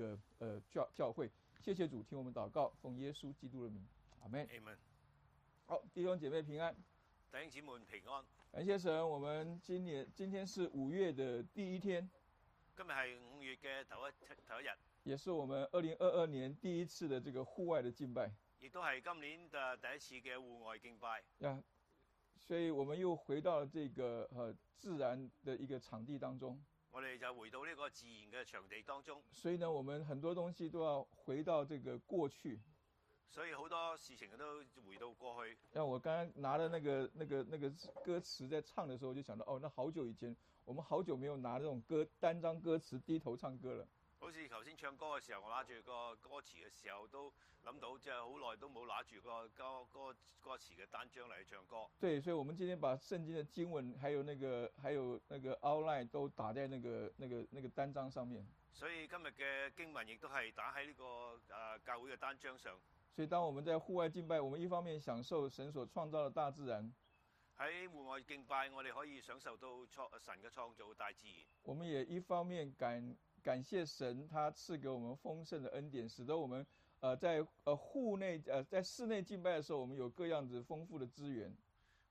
個呃教教會，謝謝主聽我們禱告，奉耶穌基督的名，阿門。阿門。好，弟兄姐妹平安，弟兄姊妹平安。感謝神，我們今年今天是五月的第一天，今日係五月嘅頭一頭一日，也是我們二零二二年第一次的這個戶外的敬拜，亦都係今年嘅第一次嘅戶外敬拜 yeah, 所以我們又回到了這個呃自然的一個場地當中。我哋就回到呢個自然嘅場地當中，所以呢，我們很多東西都要回到這個過去，所以好多事情都回到過去。像我剛剛拿嘅那個那個那個歌詞在唱的時候，就想到，哦，那好久以前，我們好久沒有拿這種歌，單張歌詞低頭唱歌了。好似頭先唱歌嘅時候，我攞住個歌詞嘅時候都諗到都沒有，即係好耐都冇攞住個歌歌歌詞嘅單張嚟唱歌。對所以我們今天把聖經嘅經文，還有那個，還有那個 outline 都打在那個、那個、那個單張上面。所以今日嘅經文亦都係打喺呢、這個誒、呃、教會嘅單張上。所以當我們在戶外敬拜，我們一方面享受神所創造嘅大自然。喺戶外敬拜，我哋可以享受到創神嘅創造大自然。我們也一方面感。感謝神，他賜給我們豐盛的恩典，使得我們，呃，在呃戶內，呃在室內敬拜的時候，我們有各樣子豐富的資源。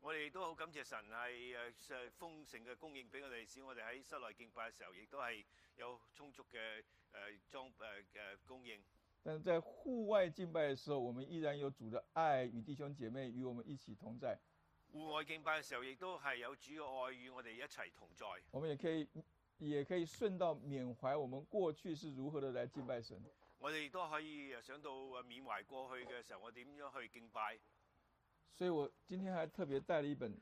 我哋都好感謝神，係誒豐盛嘅供應俾我哋，使我哋喺室內敬拜嘅時候，亦都係有充足嘅誒裝誒誒供應。但在戶外敬拜嘅時候，我們依然有主的愛與弟兄姐妹與我們一起同在。戶外敬拜嘅時候，亦都係有主嘅愛與我哋一齊同在。我哋亦可以。也可以順道緬懷我們過去是如何的來敬拜神，我哋都可以想到緬懷過去嘅時候，我點樣去敬拜。所以我今天還特別帶了一本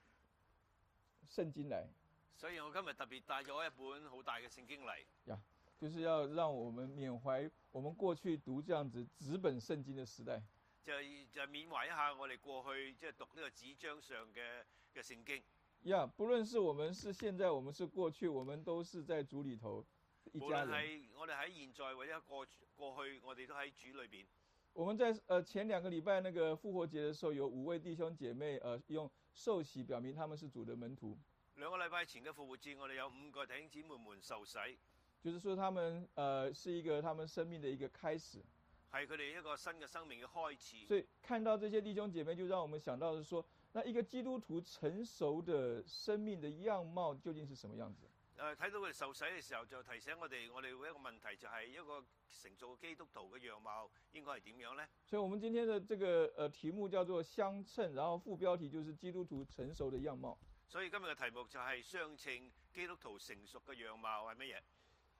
聖經來，所以我今日特別帶咗一本好大嘅聖經嚟，呀，就是要讓我們緬懷我們過去讀這樣子紙本聖經嘅時代，就就緬懷一下我哋過去即係讀呢個紙張上嘅嘅聖經。呀、yeah,，不論是我們是現在，我們是過去，我們都是在主裏頭一家人。無論係我哋喺現在或者過過去，我哋都喺主裏邊。我們在誒、呃、前兩個禮拜那個復活節嘅時候，有五位弟兄姐妹誒、呃、用受洗表明他們是主的門徒。兩個禮拜前嘅復活節，我哋有五個弟兄姊妹們受洗，就是說他們誒、呃、是一個他們生命的一個開始，係佢哋一個新嘅生命嘅開始。所以看到這些弟兄姐妹，就讓我們想到的是說。那一個基督徒成熟的生命的樣貌究竟是什麼樣子？誒、呃，睇到佢受洗嘅時候就提醒我哋，我哋會一個問題就係、是、一個成熟基督徒嘅樣貌應該係點樣呢？所以，我們今天的這個誒、呃、題目叫做相稱，然後副標題就是基督徒成熟的樣貌。所以今日嘅題目就係相稱，基督徒成熟嘅樣貌係乜嘢？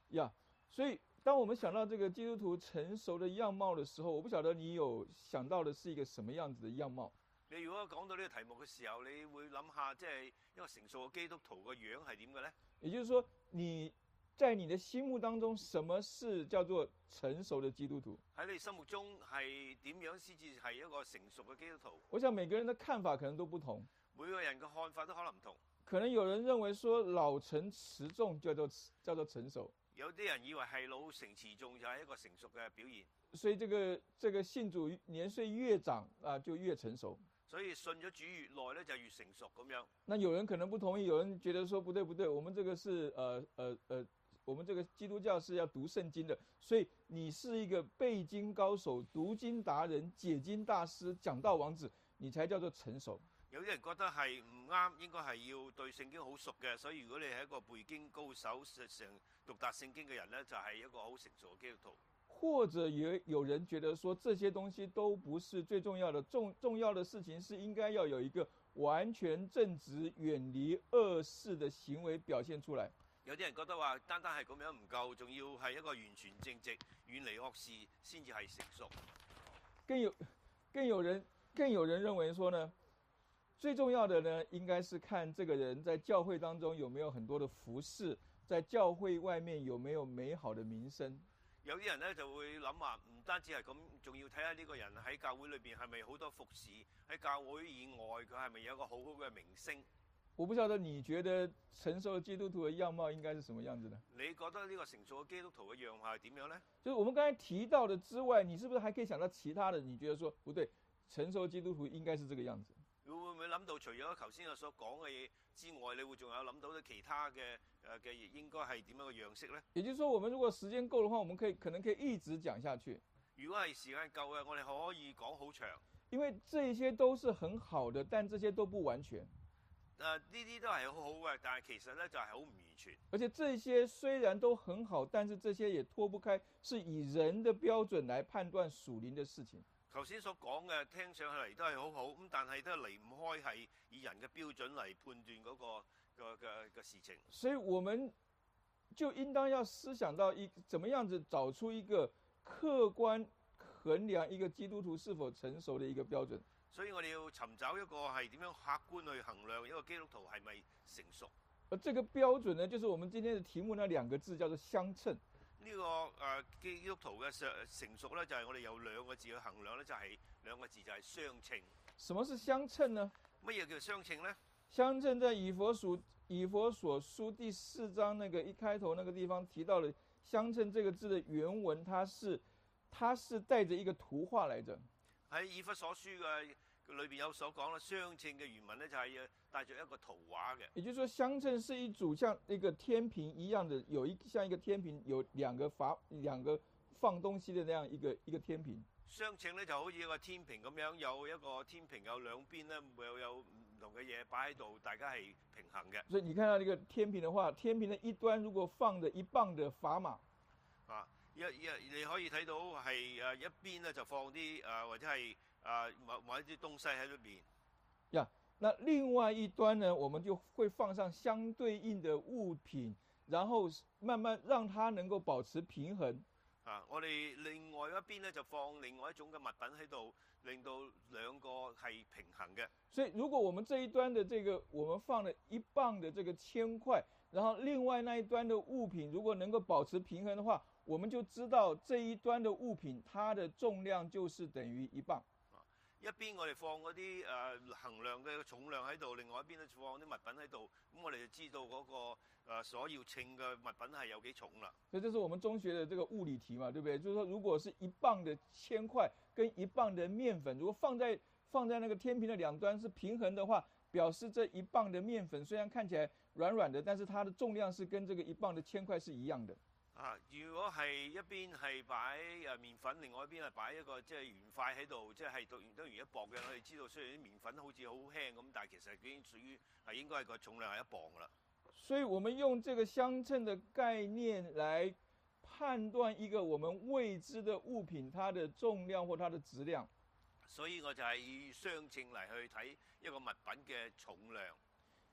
呀、yeah,，所以當我們想到這個基督徒成熟的樣貌嘅時候，我不曉得你有想到嘅是一個什麼樣子嘅樣貌？你如果講到呢個題目嘅時候，你會諗下即係一個成熟嘅基督徒個樣係點嘅咧？也就是說，你在你的心目當中，什麼是叫做成熟嘅基督徒？喺你心目中係點樣先至係一個成熟嘅基督徒？我想每個人嘅看法可能都不同。每個人嘅看法都可能唔同。可能有人認為說老成持重叫做叫做成熟。有啲人以為係老成持重就係一個成熟嘅表現。所以，這個這個信主年歲越長啊，就越成熟。所以信咗主越耐咧，就越成熟咁樣。那有人可能不同意，有人覺得說不對不對，我們這個是，呃呃呃，我們這個基督教是要讀聖經的，所以你是一個背經高手、讀經達人、解經大師、講道王子，你才叫做成熟。有啲人覺得係唔啱，應該係要對聖經好熟嘅，所以如果你係一個背經高手、實成讀達聖經嘅人咧，就係一個好成熟嘅基督徒。或者也有人覺得說這些東西都不是最重要的，重重要的事情是應該要有一個完全正直、遠離惡事的行為表現出來。有啲人覺得話，單單係咁樣唔夠，仲要係一個完全正直、遠離惡事先至係成熟。更有，更有人，更有人認為說呢，最重要的呢，應該是看這個人在教會當中有沒有很多的服侍，在教會外面有沒有美好的名聲。有啲人咧就會諗話，唔單止係咁，仲要睇下呢個人喺教會裏邊係咪好多服侍。喺教會以外佢係咪有一個好好嘅名聲？我不曉得。你覺得成熟基督徒嘅樣貌應該係什麼樣子咧？你覺得呢個成熟嘅基督徒嘅樣貌係點樣咧？就是我們剛才提到嘅之外，你是不是還可以想到其他的？你覺得說，唔對，成熟基督徒應該是這個樣子。你會唔會諗到除咗頭先我所講嘅嘢之外，你會仲有諗到啲其他嘅誒嘅嘢，啊、應該係點樣嘅樣式咧？也就是說，我們如果時間夠嘅話，我哋可以可能可以一直講下去。如果係時間夠嘅，我哋可以講好長。因為這些都是很好嘅，但這些都不完全。呢、啊、啲都係好好嘅，但係其實咧就係好唔完全。而且呢啲雖然都很好，但是呢啲也脫唔開是以人嘅標準來判斷屬靈嘅事情。頭先所講嘅聽上去嚟都係好好，咁但係都係離唔開係以人嘅標準嚟判斷嗰、嗰個、嗰個、嗰個嗰個事情。所以我們就應當要思想到一，怎麼樣子找出一個客觀衡量一個基督徒是否成熟嘅一個標準。所以我哋要尋找一個係點樣客觀去衡量一個基督徒係咪成熟？而這個標準呢，就是我們今天嘅題目，那兩個字叫做相稱。呢、這個誒、啊、基督徒嘅成成熟咧，就係、是、我哋有兩個字去衡量咧，就係、是、兩個字就係相稱。什麼是相稱呢？乜嘢叫相稱呢？相稱在以弗《以弗所以弗所書》第四章那個一開頭那個地方提到了，相稱這個字嘅原文它，它是它是帶着一個圖畫嚟嘅喺《以弗所書》嘅。裏面有所講啦，相稱嘅原文咧就係、是、要帶著一個圖畫嘅。也就係說，相稱是一組像一個天平一樣嘅，有一像一個天平，有兩個砝兩個放東西嘅，呢樣一個一個天平。相稱咧就好似一個天平咁樣，有一個天平有兩邊咧，會有唔同嘅嘢擺喺度，大家係平衡嘅。所以你看下呢個天平嘅話，天平嘅一端如果放咗一磅嘅砝碼，啊一一你可以睇到係誒一邊咧就放啲誒、啊、或者係。啊，買買啲東西喺度邊呀？Yeah, 那另外一端呢？我們就會放上相對應的物品，然後慢慢讓它能夠保持平衡。啊、yeah，我哋另外一邊呢，就放另外一種嘅物品喺度，令到兩個係平衡嘅。所以如果我們這一端的這個，我們放了一磅的這個鉛塊，然後另外那一端的物品如果能夠保持平衡的話，我們就知道這一端的物品它的重量就是等於一磅。一邊我哋放嗰啲、呃、衡量嘅重量喺度，另外一邊都放啲物品喺度，咁我哋就知道嗰、那個、呃、所要稱嘅物品係有幾重啦。所以這是我們中學的這個物理題嘛，對唔對？就是說，如果是一磅的鉛塊跟一磅的麵粉，如果放在放在那個天平的兩端是平衡的話，表示這一磅的麵粉雖然看起來軟軟的，但是它的重量是跟呢個一磅的鉛塊是一樣的。啊！如果係一邊係擺誒麵粉，另外一邊係擺一個即係圓塊喺度，即係到完都完一磅嘅，我哋知道雖然啲麵粉好似好輕咁，但係其實已經屬於係應該係個重量係一磅㗎喇。所以，我們用這個相稱的概念來判斷一個我們未知嘅物品它的重量或它的質量。所以我就係以相稱嚟去睇一個物品嘅重量。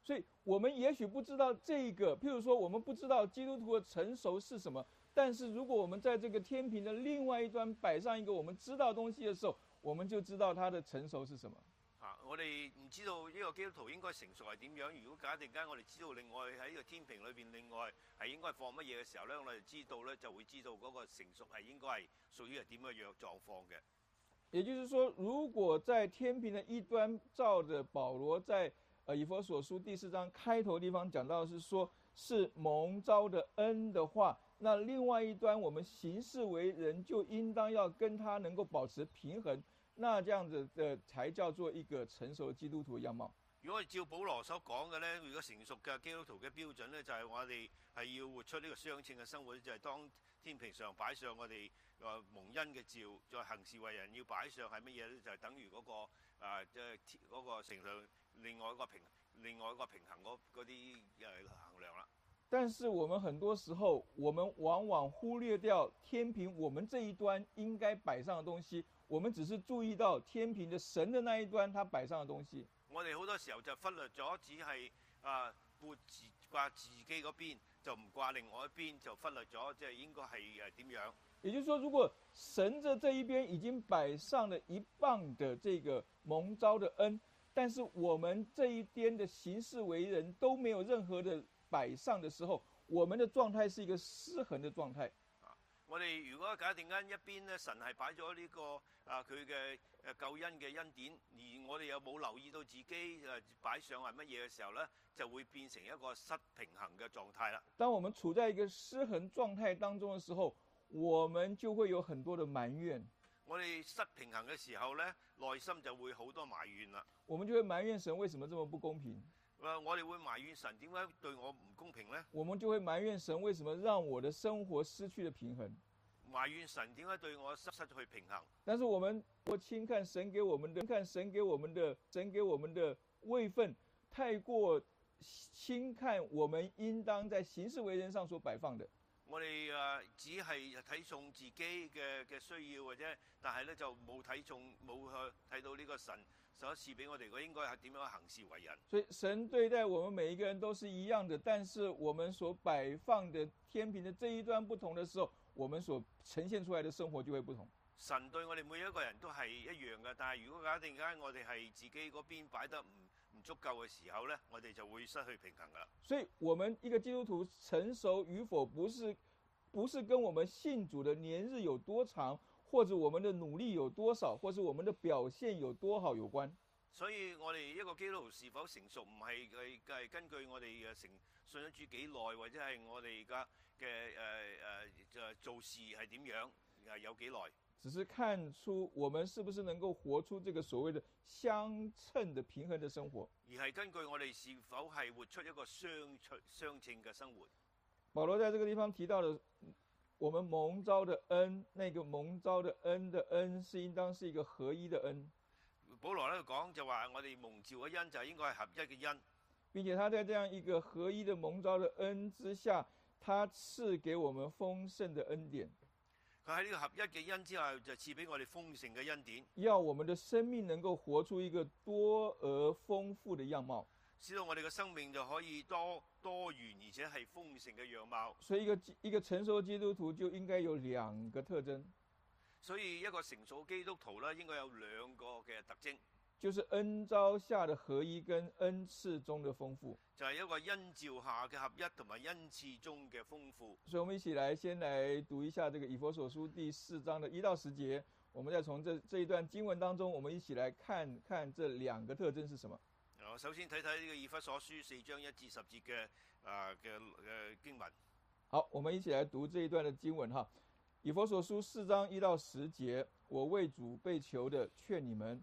所以我們也許不知道這個，譬如說，我們不知道基督徒的成熟是什麼。但是如果我們在這個天平的另外一端擺上一個我們知道東西的時候，我們就知道它的成熟是什麼。啊，我哋唔知道呢個基督徒應該成熟係點樣。如果假定間我哋知道另外喺呢個天平裏邊，另外係應該放乜嘢嘅時候咧，我哋知道咧就會知道嗰個成熟係應該係屬於係點嘅樣狀況嘅。也就是說，如果在天平的一端照着保羅在。以弗所書第四章開頭的地方講到是說，是蒙召的恩的話，那另外一端，我們行事為人就應當要跟他能夠保持平衡，那這樣子的才叫做一個成熟基督徒樣貌。如果照保羅所講嘅咧，如果成熟嘅基督徒嘅標準咧，就係、是、我哋係要活出呢個相稱嘅生活，就係、是、當天平上擺上我哋啊蒙恩嘅召，再行事為人要擺上係乜嘢咧，就係等於嗰、那個啊即係嗰個成量。另外一個平衡，另外一個平衡嗰嗰啲衡量啦。但是我們很多時候，我們往往忽略掉天平我們這一端應該擺上的東西，我們只是注意到天平的神的那一端，它擺上的東西。我哋好多時候就忽略咗，只係啊顧自掛自己嗰邊，就唔掛另外一邊，就忽略咗即係應該係誒點樣。也就是說，如果神嘅這一邊已經擺上了一磅的這個蒙召的恩。但是我們這一邊的行事為人，都沒有任何的擺上的時候，我們的狀態是一個失衡的狀態啊。我哋如果搞掂緊一邊咧，神係擺咗呢個啊佢嘅誒救恩嘅恩典，而我哋又冇留意到自己誒擺上係乜嘢嘅時候咧，就會變成一個失平衡嘅狀態啦。當我們處在一個失衡狀態當中嘅時候，我們就會有很多嘅埋怨。我哋失平衡嘅時候咧，內心就會好多埋怨啦。我們就會埋怨神為什麼這麼不公平。我哋會埋怨神點解對我唔公平咧？我們就會埋怨神為什麼讓我的生活失去了平衡？埋怨神點解對我失失去平衡？但是我們過輕看神給我們的，輕看神給我們的，神給我們的位分，太過輕看我們應當在行事為人上所擺放的。我哋啊，只係睇重自己嘅嘅需要或者，但係咧就冇睇重冇去睇到呢個神所示俾我哋，嘅應該係點樣行事為人。所以神對待我們每一個人都是一樣嘅，但是我們所擺放的天平的這一端不同的時候，我們所呈現出來的生活就會不同。神對我哋每一個人都係一樣嘅，但係如果假定而家我哋係自己嗰邊擺得唔～足夠嘅時候咧，我哋就會失去平衡噶。所以，我們一個基督徒成熟與否，不是，不是跟我們信主的年日有多長，或者我們的努力有多少，或是我們的表現有多好有關。所以我哋一個基督徒是否成熟是，唔係佢計根據我哋嘅成信咗主幾耐，或者係我哋而家嘅誒誒誒做事係點樣，係有幾耐。只是看出我們是不是能夠活出這個所謂的相稱的平衡的生活，而係根據我哋是否係活出一個相稱相稱嘅生活。保羅在這個地方提到的，我們蒙召的恩，那個蒙召的恩的恩，是應當是一個合一的恩。保羅喺度講就話，我哋蒙召嘅恩就應該係合一嘅恩，並且他在這樣一個合一的蒙召的恩之下，他賜給我們豐盛的恩典。佢喺呢個合一嘅恩之下，就賜俾我哋豐盛嘅恩典，要我們嘅生命能夠活出一個多而豐富嘅樣貌，使到我哋嘅生命就可以多多元而且係豐盛嘅樣貌。所以一個一個成熟基督徒就應該有兩個特徵，所以一個成熟基督徒啦，應該有兩個嘅特徵。就是恩召下的合一，跟恩賜中的豐富，就係、是、一個恩召下嘅合一，同埋恩賜中嘅豐富。所以，我們一起來先來讀一下這個《以弗所書》第四章的一到十節。我們再從這這一段經文當中，我們一起來看看，看這兩個特徵是什麼。我首先睇睇這個《以弗所書》四章一至十節嘅啊嘅嘅經文。好，我們一起來讀這一段的經文哈，《以弗所書》四章一到十節。我為主被囚的，勸你們。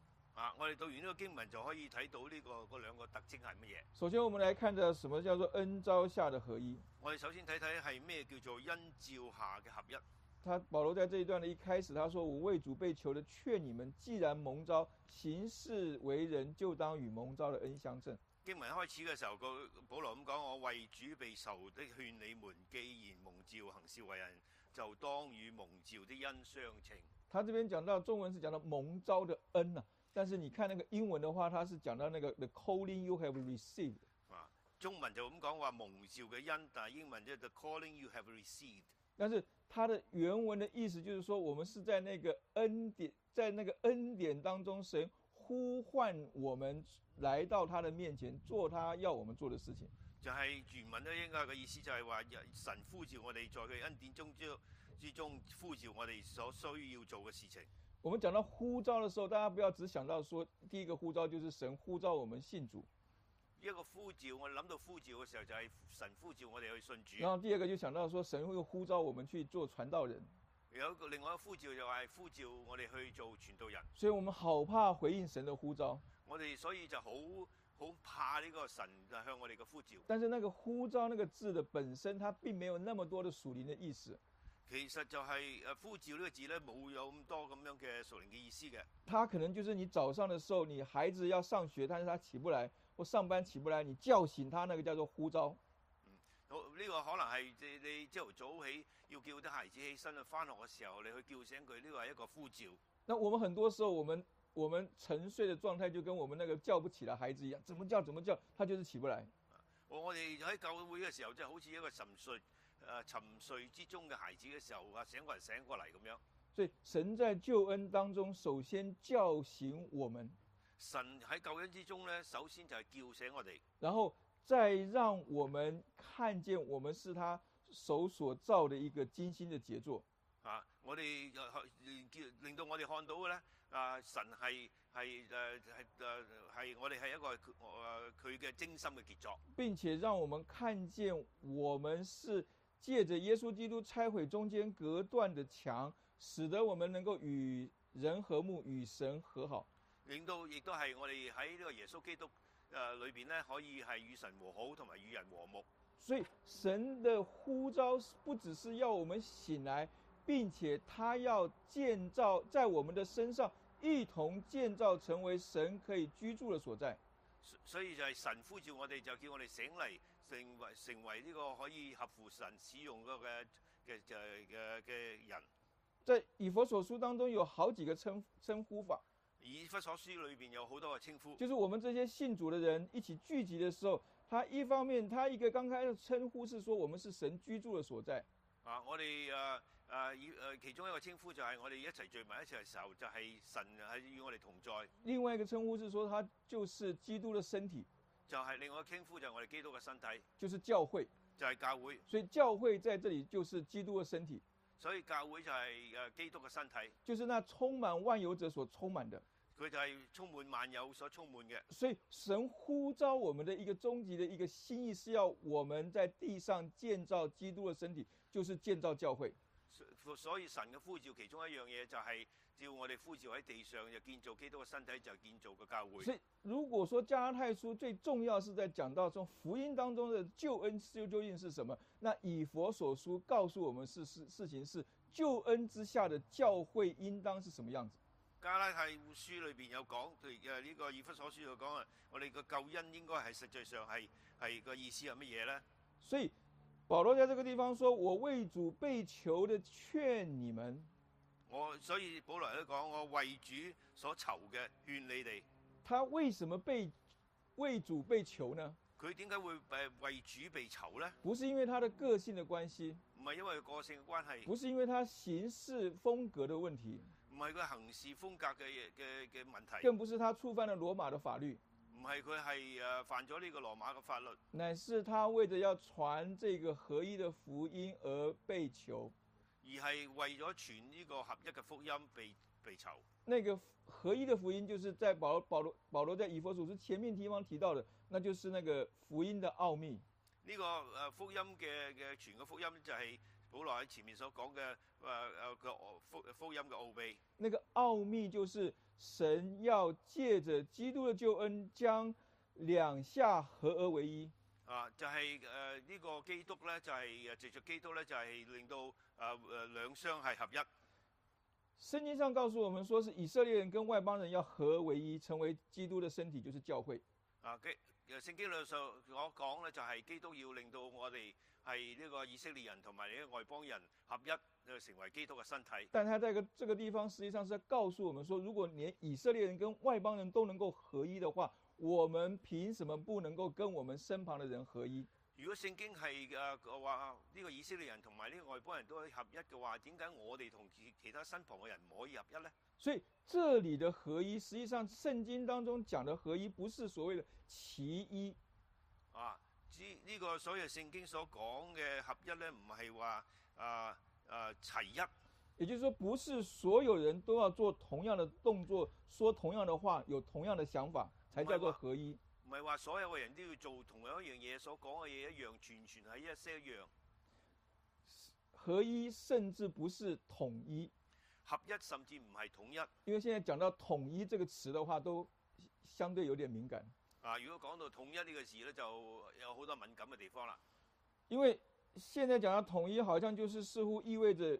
啊！我哋讀完呢個經文就可以睇到呢，這個嗰兩個特徵係乜嘢？首先，我們來看着什麼叫做恩召下的合一。我哋首先睇睇係咩叫做恩召下嘅合一。他保留在這一段的一開始，他說，說：我為主被囚的勸你們，既然蒙召行事為人，就當與蒙召的恩相稱。經文一開始嘅時候，個保羅咁講：我為主被囚的勸你們，既然蒙召行事為人，就當與蒙召的恩相稱。他這邊講到中文是講到蒙召的恩啊。但是你看那個英文的話，它是講到那個 the calling you have received。啊，中文就咁講話蒙召嘅恩，但係英文即係 the calling you have received。但是它的原文的意思就是說，我們是在那個恩典，在那個恩典當中，神呼喚我們來到他的面前，做他要我們做的事情。就係、是、原文都應該嘅意思就是說，就係話神呼召我哋，在佢恩典中之之中呼召我哋所需要做嘅事情。我們講到呼召的時候，大家不要只想到說第一個呼召就是神呼召我們信主。一個呼召，我諗到呼召嘅時候就係神呼召我哋去信主。然後第二個就想到說神會呼召我們去做傳道人。有一個另外一個呼召就係呼召我哋去做傳道人，所以我們好怕回應神的呼召。我哋所以就好好怕呢個神就向我哋嘅呼召。但是那個呼召那個字的本身，它並沒有那麼多的屬靈的意思。其實就係誒，呼召呢個字咧，冇有咁多咁樣嘅屬靈嘅意思嘅。他可能就是你早上的時候，你孩子要上學，但是佢起不來，或上班起不來，你叫醒他，那個叫做呼召。嗯，呢、這個可能係你你朝頭早起要叫啲孩子起身去返學嘅時候，你去叫醒佢，呢個係一個呼召。那我們很多時候，我們我們沉睡嘅狀態，就跟我們那個叫不起來孩子一樣，怎麼叫怎麼叫，他就是起不來。我我哋喺教會嘅時候，即係好似一個沉睡。啊，沉睡之中嘅孩子嘅時候啊，醒過嚟，醒過嚟咁樣。所以神在救恩當中，首先叫醒我們。神喺救恩之中咧，首先就係叫醒我哋，然後再讓我們看見我們是他手所造的一個精心的傑作。啊，我哋令到我哋看到嘅咧，啊，神係係誒係誒係我哋係一個誒佢嘅精心嘅傑作，並且讓我們看見我們是。借着耶穌基督拆毀中間隔斷的牆，使得我們能夠與人和睦、與神和好。令到亦都係我哋喺呢個耶穌基督誒裏邊咧，可以係與神和好，同埋與人和睦。所以神的呼召不只是要我們醒來，並且他要建造在我們的身上，一同建造成為神可以居住的所在。所以就係神呼召我哋，就叫我哋醒嚟。成為成為呢個可以合乎神使用嘅嘅嘅嘅人，在以弗所書當中有好幾個稱稱呼法。以弗所書裏邊有好多個稱呼，就是我們這些信主的人一起聚集的時候，他一方面，他一個剛開始稱呼是說我們是神居住的所在。啊，我哋啊啊以誒其中一個稱呼就係我哋一齊聚埋一齊嘅時候，就係、是、神係與我哋同在。另外一個稱呼是說，他就是基督嘅身體。就係另外一個稱呼就係我哋基督嘅身體，就是教會，就係教會。所以教會在這裡就是基督嘅身體，所以教會就係誒基督嘅身，身體，就是那充滿萬有者所充滿嘅。佢就係充滿萬有所充滿嘅。所以神呼召我們的一個終極嘅一個心意，是要我們在地上建造基督嘅身體，就是建造教會。所以神嘅呼召，其中一樣嘢就係照我哋呼召喺地上，就建造基督嘅身體，就建造個教會。所以，如果說《加拉太書》最重要是在講到從福音當中的救恩是究竟是什麼？那以弗所書告訴我們是事事情是救恩之下的教會應當是什麼樣子？《加拉太書》裏邊有講，對嘅呢個以弗所書有講啊，我哋個救恩應該係實際上係係個意思係乜嘢咧？所以。保羅在這個地方說，我為主被囚的勸你們，我所以保羅喺度講，我為主所囚嘅，勸你哋。他為什麼被為主被囚呢？佢點解會被為主被囚呢？不是因為他的個性的關係，唔係因為個性嘅關係，不是因為他行事風格的問題，唔係佢行事風格嘅嘅問題，更不是他觸犯了羅馬的法律。唔係佢係誒犯咗呢個羅馬嘅法律，乃是他為咗要傳這個合一嘅福音而被囚，而係為咗傳呢個合一嘅福音被被囚。那個合一嘅福音就是在保保羅保羅在以弗所書前面地方提到嘅，那就是那個福音的奧秘。呢個誒福音嘅嘅傳嘅福音，福音就係、是。古來前面所講嘅誒誒個福音嘅奧秘，那個奧秘就是神要借着基督嘅救恩將兩下合而為一啊！就係誒呢個基督咧，就係藉着基督咧，就係、是、令到啊誒兩相係合一。聖經上告訴我們說，是以色列人跟外邦人要合而為一，成為基督嘅身體，就是教會啊！嘅聖經上所講咧，就係、是、基督要令到我哋。係呢個以色列人同埋呢個外邦人合一，就成為基督嘅身體。但係佢喺個這個地方，實際上是在告訴我們說，如果連以色列人跟外邦人都能夠合一的話，我們憑什麼不能夠跟我們身旁的人合一？如果聖經係嘅話，呢、啊、個以色列人同埋呢個外邦人都可以合一嘅話，點解我哋同其其他身旁嘅人唔可以合一呢？所以這裏嘅合一，實際上聖經當中講的合一，不是所謂嘅其一啊。呢、這個所有聖經所講嘅合一咧，唔係話誒誒齊一，也就是說，不是所有人都要做同樣的動作、說同樣的話、有同樣的想法，才叫做合一。唔係話所有嘅人都要做同樣一樣嘢，所講嘅嘢一樣，完全係一些一樣。合一甚至不是統一，合一甚至唔係統一。因為現在講到統一這個詞的話，都相對有點敏感。啊！如果講到統一呢個事咧，就有好多敏感嘅地方啦。因為現在講到統一，好像就是似乎意味着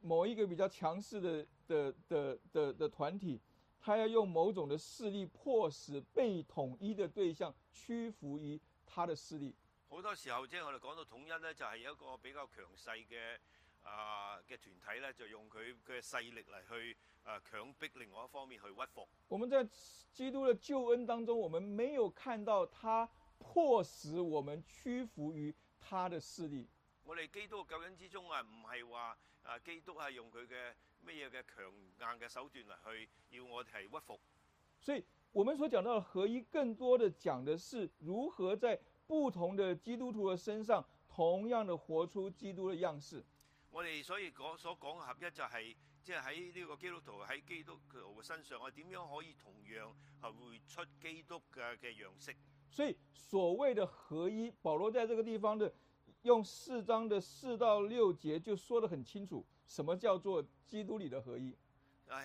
某一個比較強勢的的的的的團體，他要用某種的勢力迫使被統一的對象屈服於他的勢力。好多時候即係我哋講到統一咧，就係有一個比較強勢嘅。啊嘅團體咧，就用佢嘅勢力嚟去啊強迫另外一方面去屈服。我們在基督嘅救恩當中，我們沒有看到他迫使我們屈服於他的勢力。我哋基督嘅救恩之中啊，唔係話啊基督係用佢嘅咩嘢嘅強硬嘅手段嚟去要我哋屈服。所以，我們所講到嘅合一，更多嘅講嘅是如何在不同嘅基督徒嘅身上，同樣的活出基督嘅樣式。我哋所以講所講嘅合一就係，即係喺呢個基督徒喺基督徒嘅身上，我點樣可以同樣係匯出基督嘅嘅樣式？所以所謂嘅合一，保羅在這個地方嘅用四章嘅四到六節就說得很清楚，什麼叫做基督裏嘅合一？誒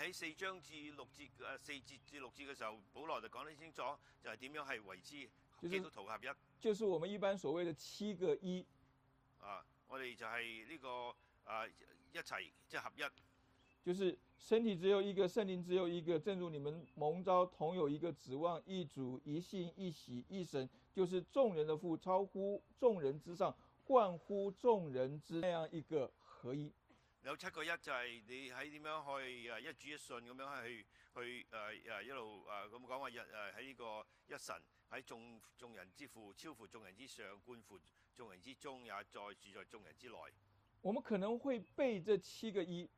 喺四章至六節誒、啊、四節至六節嘅時候，保羅就講得清楚，就係點樣係為之基督徒合一，就是、就是、我們一般所謂嘅七個一。啊，我哋就係呢、這個。啊！一齊即係合一，就是身體只有一個，聖靈只有一個。正如你們蒙召同有一個指望，一主、一信、一洗、一神，就是眾人的父，超乎眾人之上，貫乎眾人之那樣一個合一。有七個一就係你喺點樣去誒，一主一信咁樣去去誒誒、呃、一路誒咁講話，一誒喺呢個一神喺眾眾人之父，超乎眾人之上，貫乎眾人之中，也再住在眾人之內。我們可能會背這七個一，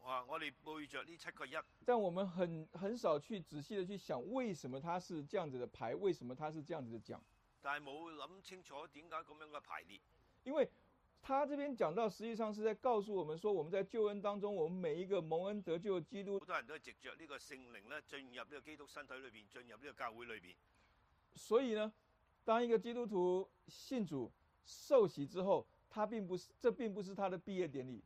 我我哋背著呢七個一，但我們很很少去仔細的去想，為什麼它是這樣子的排，為什麼它是這樣子的講，但係冇諗清楚點解咁樣嘅排列，因為他這邊講到，實際上是在告訴我們說，我們在救恩當中，我們每一個蒙恩得救的基督，好多人都是藉著呢個聖靈呢，進入呢個基督身體裏面，進入呢個教會裏面。所以呢，當一個基督徒信主受洗之後。他並不是，這並不是他的畢業典禮。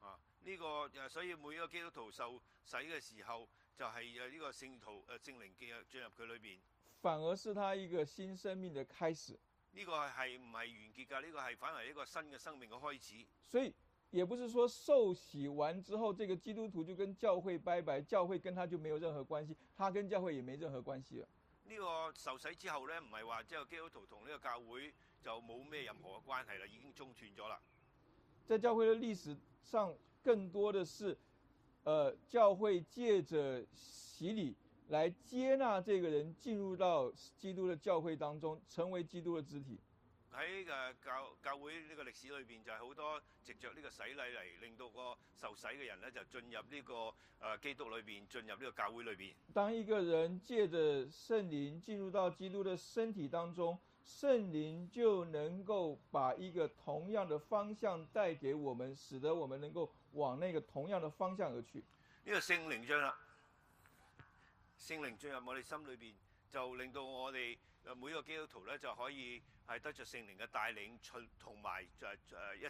啊，呢個誒，所以每一個基督徒受洗嘅時候，就係誒呢個聖徒誒聖靈進入進入佢裏邊，反而是他一個新生命的開始。呢個係唔係完結㗎？呢個係反而一個新嘅生命嘅開始。所以，也不是說受洗完之後，這個基督徒就跟教會拜拜，教會跟他就沒有任何關係，他跟教會也沒任何關係啦。呢個受洗之後咧，唔係話即係基督徒同呢個教會。就冇咩任何嘅關係啦，已經中斷咗啦。在教會嘅歷史上，更多的是，誒、呃，教會借着洗禮來接納這個人進入到基督嘅教會當中，成為基督嘅肢體。喺個教教會呢個歷史裏邊，就係好多藉着呢個洗禮嚟令到個受洗嘅人咧，就進入呢個誒、呃、基督裏邊，進入呢個教會裏邊。當一個人借着聖靈進入到基督嘅身體當中。聖靈就能夠把一個同樣的方向帶給我們，使得我們能夠往那個同樣的方向而去。呢、這個聖靈進入、啊，聖靈進入我哋心裡面，就令到我哋誒每一個基督徒咧，就可以係得着聖靈嘅帶領，同埋一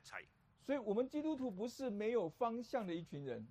切。所以，我們基督徒不是沒有方向嘅一群人。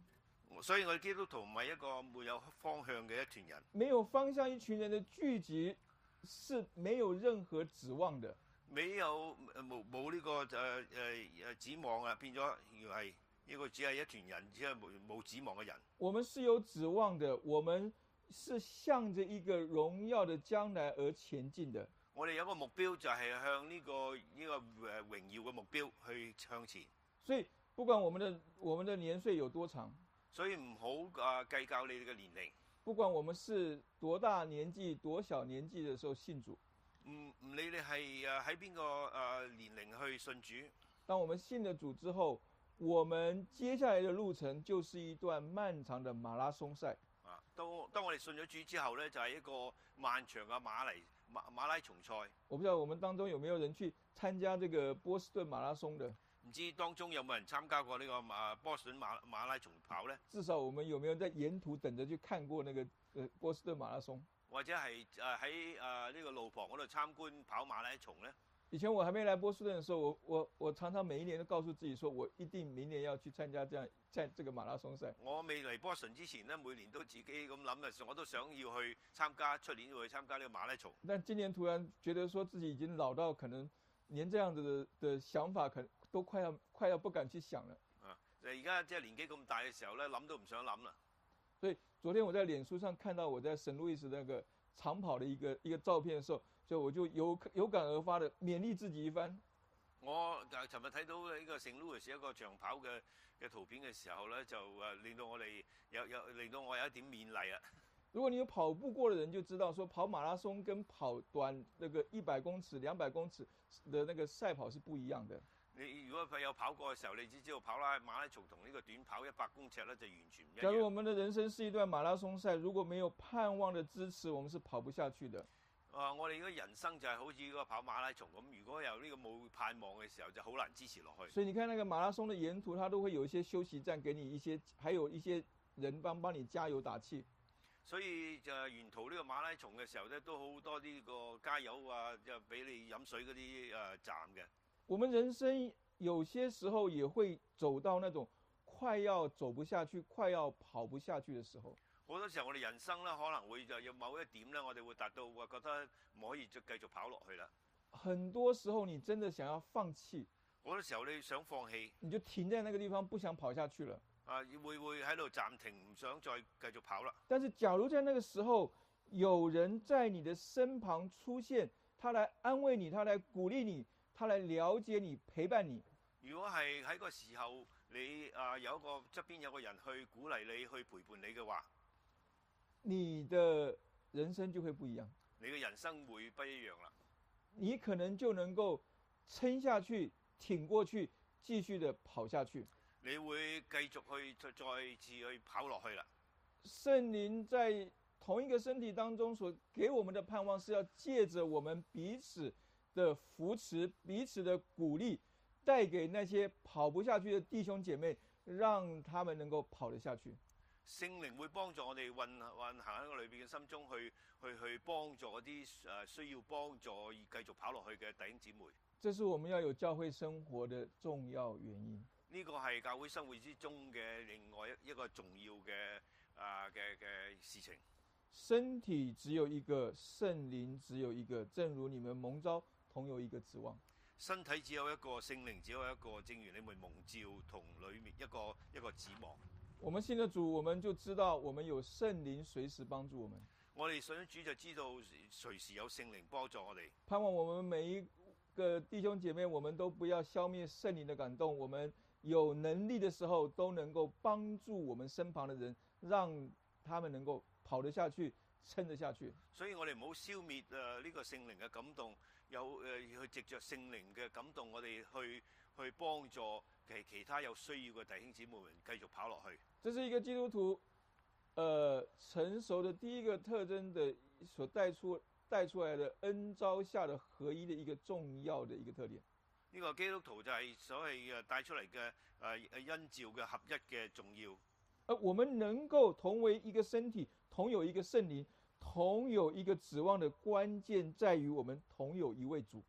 所以我們基督徒唔係一個沒有方向嘅一群人。沒有方向，一群人的聚集。是沒有任何指望的，沒有冇冇呢個誒誒誒指望啊，變咗，如果係呢個只係一群人，只係冇冇指望嘅人。我們是有指望的，我們是向着一個榮耀的將來而前進的。我哋有個目標，就係向呢個呢個誒榮耀嘅目標去向前。所以不管我們的我們的年歲有多長，所以唔好啊計較你哋嘅年齡。不管我們是多大年紀、多小年紀的時候信主，唔唔理你係誒喺邊個誒年齡去信主。當我們信了主之後，我們接下來的路程就是一段漫長的馬拉松賽。啊，當當我哋信咗主之後咧，就係、是、一個漫長嘅馬嚟馬馬拉松賽。我不知道我們當中有沒有人去參加這個波士頓馬拉松的。唔知當中有冇人參加過呢個馬波士頓馬，馬拉松跑呢？至少我們有冇人在沿途等着去看過那個波士頓馬拉松，或者係喺呢個路旁嗰度參觀跑馬拉松呢？以前我還沒嚟波士頓嘅時候，我我我常常每一年都告訴自己，說我一定明年要去參加這樣在這個馬拉松賽。我未嚟波士之前呢，每年都自己咁諗嘅時候，我都想要去參加出年要去參加呢個馬拉松。但今年突然覺得，說自己已經老到可能連這樣子的，的想法，可能。都快要快要不敢去想了啊！就而家即係年紀咁大嘅時候呢，諗都唔想諗啦。所以昨天我在臉書上看到我在聖路易斯那個長跑的一個一個照片嘅時候，所以我就有有感而發的勉勵自己一番。我尋日睇到呢個聖路易斯一個長跑嘅嘅圖片嘅時候呢，就誒、啊、令到我哋有有令到我有一點勉勵啊。如果你有跑步過嘅人就知道，說跑馬拉松跟跑短那個一百公尺、兩百公尺嘅那個賽跑是不一樣的。嗯你如果佢有跑過嘅時候，你只知道跑啦。馬拉松同呢個短跑一百公尺咧，就完全唔一樣。假如我們的人生是一段馬拉松賽，如果沒有盼望的支持，我們是跑不下去的。啊，我哋嘅人生就係好似個跑馬拉松咁，如果有呢個冇盼望嘅時候，就好難支持落去。所以你看，那個馬拉松嘅沿途，它都會有一些休息站，給你一些，還有一些人幫幫你加油打氣。所以就沿途呢個馬拉松嘅時候咧，都好多呢個加油啊，就俾你飲水嗰啲誒站嘅。我們人生有些時候也會走到那種快要走不下去、快要跑不下去的時候。好多時候，我的人生呢，可能會在有某一點呢，我哋會達到，我覺得唔可以就繼續跑落去了。很多時候，你真的想要放棄，好多時候你想放棄，你就停在那個地方，不想跑下去了。啊，會會喺度暫停，唔想再繼續跑了。但是，假如在那個時候有人在你的身旁出現，他來安慰你，他來鼓勵你。他來了解你，陪伴你。如果係喺個時候，你啊有一個側邊有個人去鼓勵你，去陪伴你嘅話，你的人生就會不一樣。你嘅人生會不一樣啦，你可能就能夠撐下去、挺過去、繼續地跑下去。你會繼續去再再次去跑落去啦。聖靈在同一個身體當中所給我們嘅盼望，係要借着我們彼此的扶持，彼此的鼓勵，帶給那些跑不下去的弟兄姐妹，讓他們能夠跑得下去。聖靈會幫助我哋運運行喺個裏邊嘅心中，去去去幫助嗰啲誒需要幫助而繼續跑落去嘅弟兄姊妹。這是我們要有教會生活嘅重要原因。呢個係教會生活之中嘅另外一個重要嘅啊嘅嘅事情。身體只有一個，聖靈只有一個，正如你們蒙召。同有一個指望，身體只有一個聖靈，只有一個正如你們蒙召同裏面一個一個指望。我們信得主，我們就知道，我們有聖靈隨時幫助我們。我哋信主就知道隨時有聖靈幫助我哋。盼望我們每一個弟兄姐妹，我們都不要消滅聖靈的感動。我們有能力的時候，都能夠幫助我們身旁的人，讓他們能夠跑得下去，撐得下去。所以我哋唔好消滅誒呢個聖靈嘅感動。有誒去、呃、藉着聖靈嘅感動，我哋去去幫助其其他有需要嘅弟兄姊妹繼續跑落去。這是一個基督徒，誒、呃、成熟的第一個特徵嘅所帶出帶出來的恩召下的合一嘅一個重要嘅一個特點。呢、這個基督徒就係所謂誒帶出嚟嘅誒恩召嘅合一嘅重要。誒、呃，我們能夠同為一個身體，同有一個聖靈。同有一個指望的關鍵，在於我們同有一位主。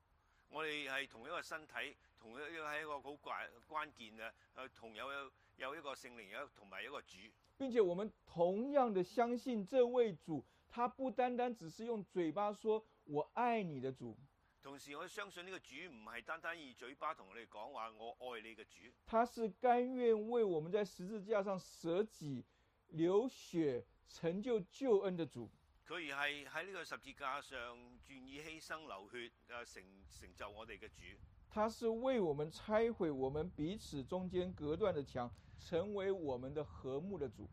我哋係同一個身體，同一係一個好怪關鍵啊！啊，同有有有一個聖靈，有同埋一個主，並且我們同樣的相信這位主，他不單單只是用嘴巴說我愛你的主。同時，我相信呢個主唔係單單以嘴巴同我哋講話，我愛你嘅主。他是甘願為我們在十字架上捨己流血，成就救恩的主。所以，係喺呢個十字架上，願意犧牲流血，誒成成就我哋嘅主。他是為我們拆毀我們彼此中間隔斷嘅牆，成為我們嘅和睦嘅主。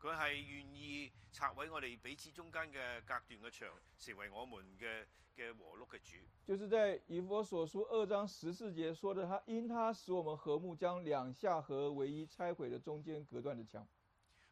佢係願意拆毀我哋彼此中間嘅隔斷嘅牆，成為我哋嘅嘅和睦嘅主。就是在以弗所書二章十四節說的，他因他使我們和睦，將兩下合而為一拆毀了中間隔斷嘅牆。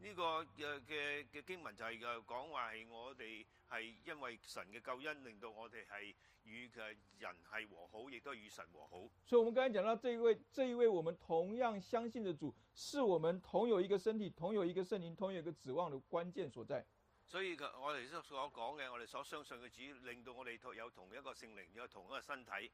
呢、這個嘅嘅嘅經文就係嘅講話係我哋係因為神嘅救恩，令到我哋係與嘅人係和好，亦都與神和好。所以，我們剛才講到這一位，這一位我們同樣相信的主，是我們同有一個身體同有一個聖靈同有一個指望的關鍵所在。所以，佢我哋所講嘅，我哋所相信嘅主，令到我哋有同一個聖靈，有同一個身體，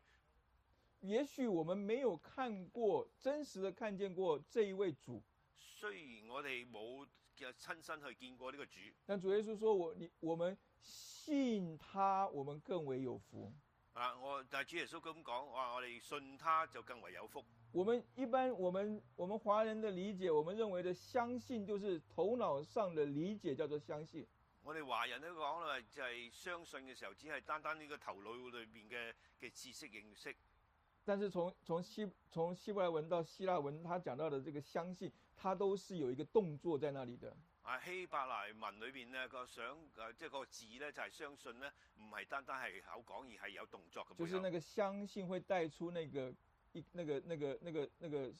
也許我們沒有看過真實的看見過這一位主。雖然我哋冇嘅親身去見過呢個主，但主耶穌說我你我們信他，我們更為有福。啊，我但係主耶穌咁講，哇，我哋信他就更為有福。我們一般我們我們華人的理解，我們認為的相信就是頭腦上的理解，叫做相信。我哋華人都講啦，就係相信嘅時候，只係單單呢個頭腦裏邊嘅嘅知識認識。但是從從希從希伯來文到希臘文，他講到的這個相信。它都是有一個動作在那裏的。啊，希伯來文裏面呢個想誒即個字呢，就係相信呢，唔係單單係口講，而係有動作嘅。就是那個相信會帶出那個一那個那個那個那個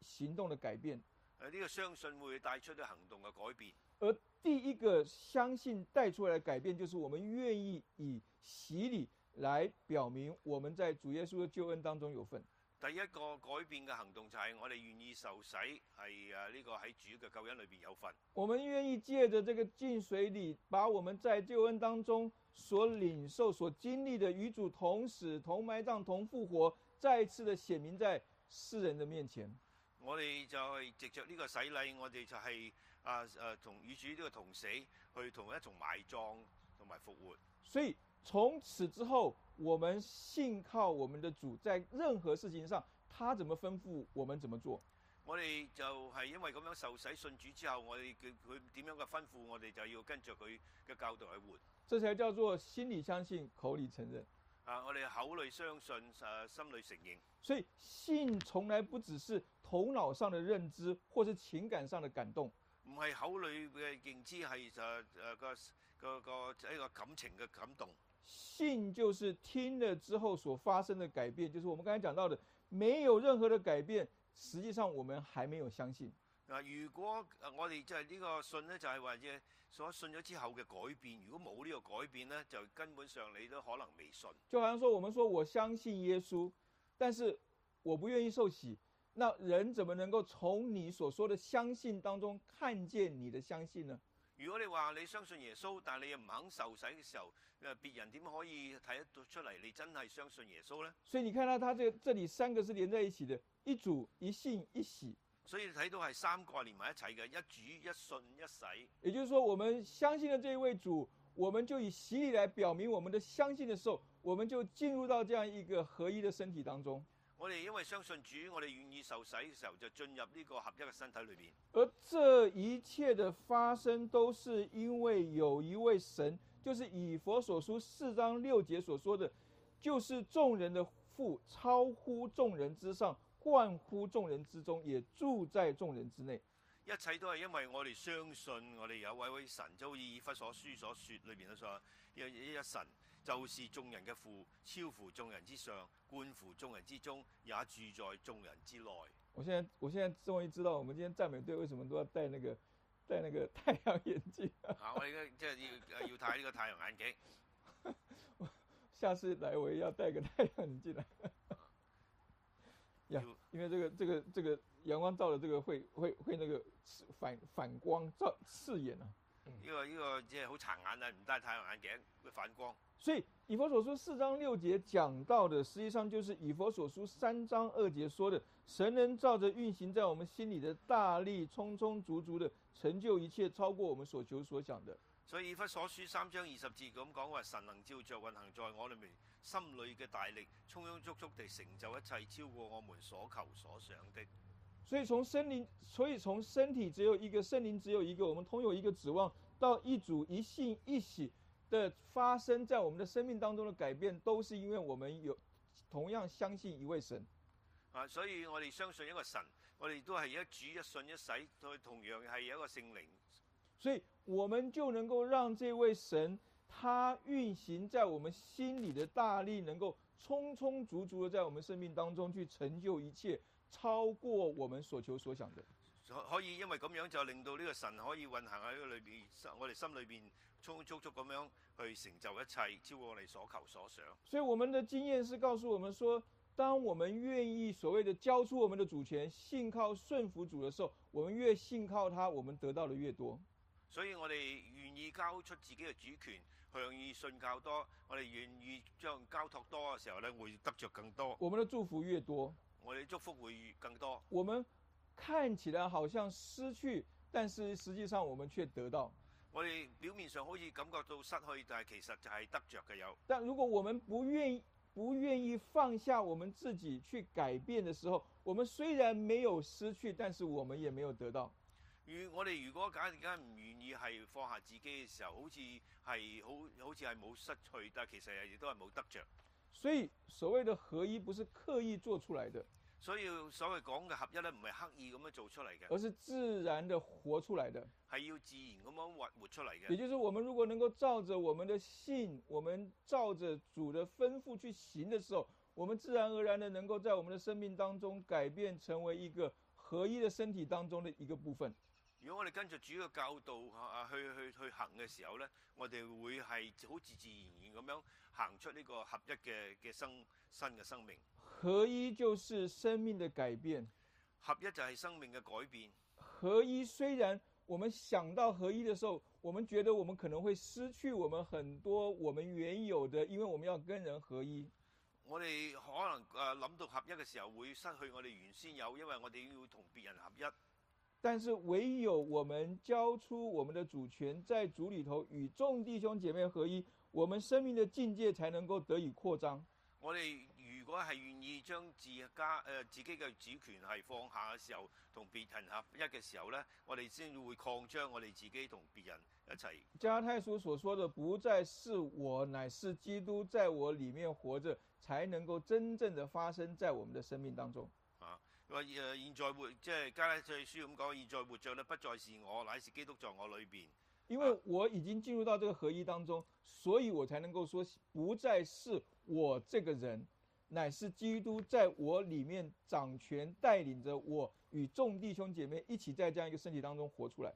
行動的改變。誒呢個相信會帶出嘅行動嘅改變。而第一個相信帶出來的改變就是我們願意以洗禮來表明我們在主耶穌嘅救恩當中有份。第一個改變嘅行動就係我哋願意受洗，係誒，呢個喺主嘅救恩裏邊有份。我們願意借着呢個浸水禮把我們在救恩當中所領受、所經歷的與主同死、同埋葬、同復活，再次的顯明在世人的面前。我哋就係藉着呢個洗禮，我哋就係啊誒同與主呢個同死，去同一同埋葬同埋復活。所以從此之後。我們信靠我們的主，在任何事情上，他怎麼吩咐我們怎麼做。我哋就係因為咁樣受洗信主之後，我哋佢佢點樣嘅吩咐，我哋就要跟着佢嘅教導去活。這才叫做心裏相信，口裏承認。啊，我哋口裏相信，誒、啊，心裏承認。所以信從來不只是頭腦上嘅認知，或者情感上嘅感動。唔係口裏嘅認知，係誒誒個個個喺個，個感情嘅感動。信就是聽了之後所發生的改變，就是我們剛才講到的，沒有任何的改變，實際上我們還沒有相信。嗱，如果我哋就係呢個信呢就係話嘢所信咗之後嘅改變，如果冇呢個改變呢就根本上你都可能未信。就好像說，我們說我相信耶穌，但是我不願意受洗，那人怎麼能夠從你所說的相信當中看見你的相信呢？如果你話你相信耶穌，但你又唔肯受洗嘅時候，誒，別人點可以睇得出嚟，你真係相信耶穌呢？所以你睇到他，它這這裏三個是連在一起嘅，一主一信一洗，所以你睇到係三個連埋一齊嘅，一主一信一洗。也就是說，我們相信的這一位主，我們就以洗禮來表明我們的相信的時候，我們就進入到這樣一個合一的身體當中。我哋因為相信主，我哋願意受洗嘅時候就進入呢個合一嘅身體裏邊。而這一切嘅發生，都是因為有一位神，就是以弗所書四章六節所說的，就是眾人的父，超乎眾人之上，貫乎眾人之中，也住在眾人之內。一切都係因為我哋相信我哋有位一位位神，就好似以弗所書所說裏邊所有一神。就是眾人嘅父，超乎眾人之上，貫乎眾人之中，也住在眾人之內。我現在，我現在終於知道，我們今天讚美隊為什麼都要戴那個戴那個太陽眼鏡。啊，我依家即係要要戴呢個太陽眼鏡，下次來我也要戴個太陽眼鏡啦。呀、 yeah,，因為這個、這個、這個陽光照的，這個會會會那個反反光，照刺眼、啊呢、嗯這個呢、這個即係好殘眼啊！唔戴太陽眼鏡會反光。所以以弗所書四章六節講到的，實際上就是以弗所書三章二節說的神能照着運行在我們心裏的大力，充充足足的成就一切，超過我們所求所想的。所以以弗所書三章二十節咁講話，神能照着運行在我們心心裏嘅大力，充充足足地成就一切，超過我們所求所想的。所以從聖靈，所以從身體只有一個，聖靈只有一個，我們同有一個指望，到一主一信一洗的發生在我們的生命當中的改變，都是因為我們有同樣相信一位神啊。所以我哋相信一個神，我哋都是一主一信一洗，佢同樣係有一個聖靈，所以我們就能夠讓這位神，他運行在我們心裏的大力，能夠充充足足的在我們生命當中去成就一切。超過我們所求所想的，可可以因為咁樣就令到呢個神可以運行喺呢個裏邊，我哋心裏邊，充充足足咁樣去成就一切，超過我哋所求所想。所以我們的經驗是告訴我們說，當我們願意所謂的交出我們的主權，信靠順服主的時候，我們越信靠他，我們得到的越多。所以我哋願意交出自己嘅主權，向以信靠多，我哋願意將交託多嘅時候咧，會得着更多。我們的祝福越多。我哋祝福會更多。我們看起來好像失去，但是實際上我們卻得到。我哋表面上好似感覺到失去，但係其實就係得着嘅有。但如果我們不願意不願意放下我們自己去改變的時候，我們雖然沒有失去，但是我們也沒有得到。如我哋如果假而家唔願意係放下自己嘅時候，好似係好好似係冇失去，但係其實亦都係冇得着。所以，所謂的合一不是刻意做出來的。所以，所謂講的合一呢，唔係刻意咁樣做出來嘅，而是自然的活出來的，係要自然咁樣活活出來嘅。也就是，我們如果能夠照着我們的性，我們照着主的吩咐去行的時候，我們自然而然的能夠在我們的生命當中改變，成為一個合一的身體當中的一個部分。如果我哋跟住主嘅教導去去去，去行嘅時候呢，我哋會係好自自然然咁樣行出呢個合一嘅嘅生新嘅生命。合一就是生命的改變，合一就係生命嘅改變。合一，雖然我們想到合一嘅時候，我們覺得我們可能會失去我們很多我們原有的，因為我們要跟人合一。我哋可能啊，諗到合一嘅時候會失去我哋原先有，因為我哋要同別人合一。但是，唯有我們交出我們的主權在主裏頭，與眾弟兄姐妹合一，我們生命的境界才能夠得以擴張。我哋如果係願意將自家誒自己嘅，呃、主權係放下嘅時候，同別人合一嘅時候咧，我哋先會擴張我哋自己同別人一齊。加太書所說的，不再是我，乃是基督在我裏面活着，才能夠真正的發生在我們的生命當中。我誒現在活，即係加拉太書咁講，現在活着咧，不再是我，乃是基督在我裏邊，因為我已經進入到這個合一當中，所以我才能夠說，不再是我這個人，乃是基督在我裏面掌權，帶領着我與眾弟兄姐妹一起在這樣一個身體當中活出來。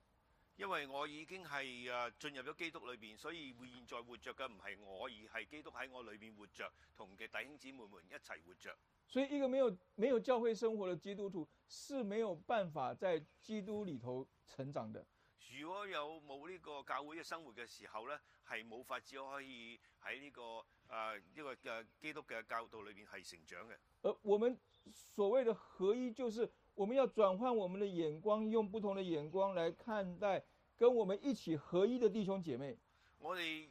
因為我已經係誒進入咗基督裏邊，所以現在活著嘅唔係我，而係基督喺我裏邊活著，同嘅弟兄姊妹們一齊活著。所以一個沒有沒有教會生活的基督徒，是沒有辦法在基督裡頭成長的。如果有冇呢個教會嘅生活嘅時候咧，係冇法子可以喺呢、這個誒一、呃這個誒基督嘅教導裏邊係成長嘅。誒、呃，我們所謂嘅合一就是。我們要轉換我們的眼光，用不同的眼光來看待跟我們一起合一的弟兄姐妹。我哋誒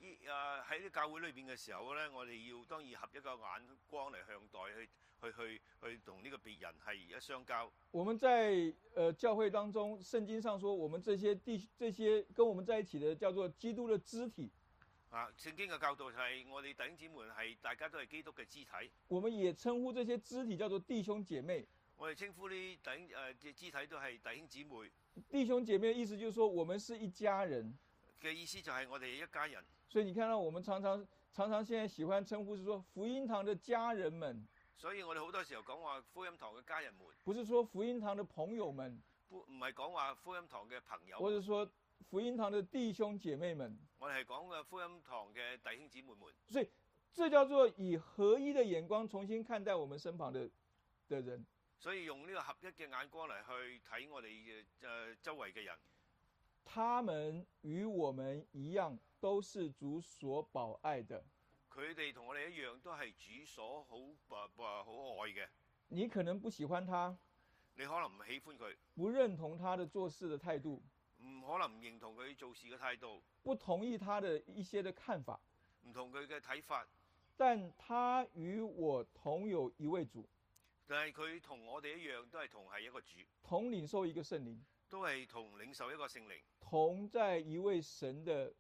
喺教會裏邊嘅時候咧，我哋要當以合一個眼光嚟向待去去去去同呢個別人係一相交。我們在誒教會當中，聖經上說，我們這些這些跟我們在一起的叫做基督嘅肢體。啊，聖經嘅教導就係我哋弟兄姊妹係大家都係基督嘅肢體。我們也稱呼這些肢體叫做弟兄姐妹。我哋稱呼呢啲肢體都係弟兄姊妹。弟兄姐妹的意思就是說，我們是一家人嘅意思就係我哋一家人。所以你看到我們常常常常現在喜歡稱呼是說福音堂嘅家人們。所以我哋好多時候講話福音堂嘅家人們，不是說福音堂嘅朋友們，唔係講話福音堂嘅朋友，或者說福音堂嘅弟兄姐妹們。我哋係講嘅福音堂嘅弟兄姊妹們。所以，這叫做以合一嘅眼光重新看待我們身旁嘅的，的人。所以用呢個合一嘅眼光嚟去睇我哋嘅誒、呃、周圍嘅人，他們與我們一樣，都是主所寶愛的。佢哋同我哋一樣，都係主所好，誒、啊、誒、啊、好愛嘅。你可能不喜歡他，你可能唔喜歡佢，不認同他的做事嘅態度，唔可能唔認同佢做事嘅態度，不同意他嘅一些嘅看法，唔同佢嘅睇法。但他與我同有一位主。但係佢同我哋一樣，都係同係一個主，同領受一個聖靈，都係同領受一個聖靈，同在一位神的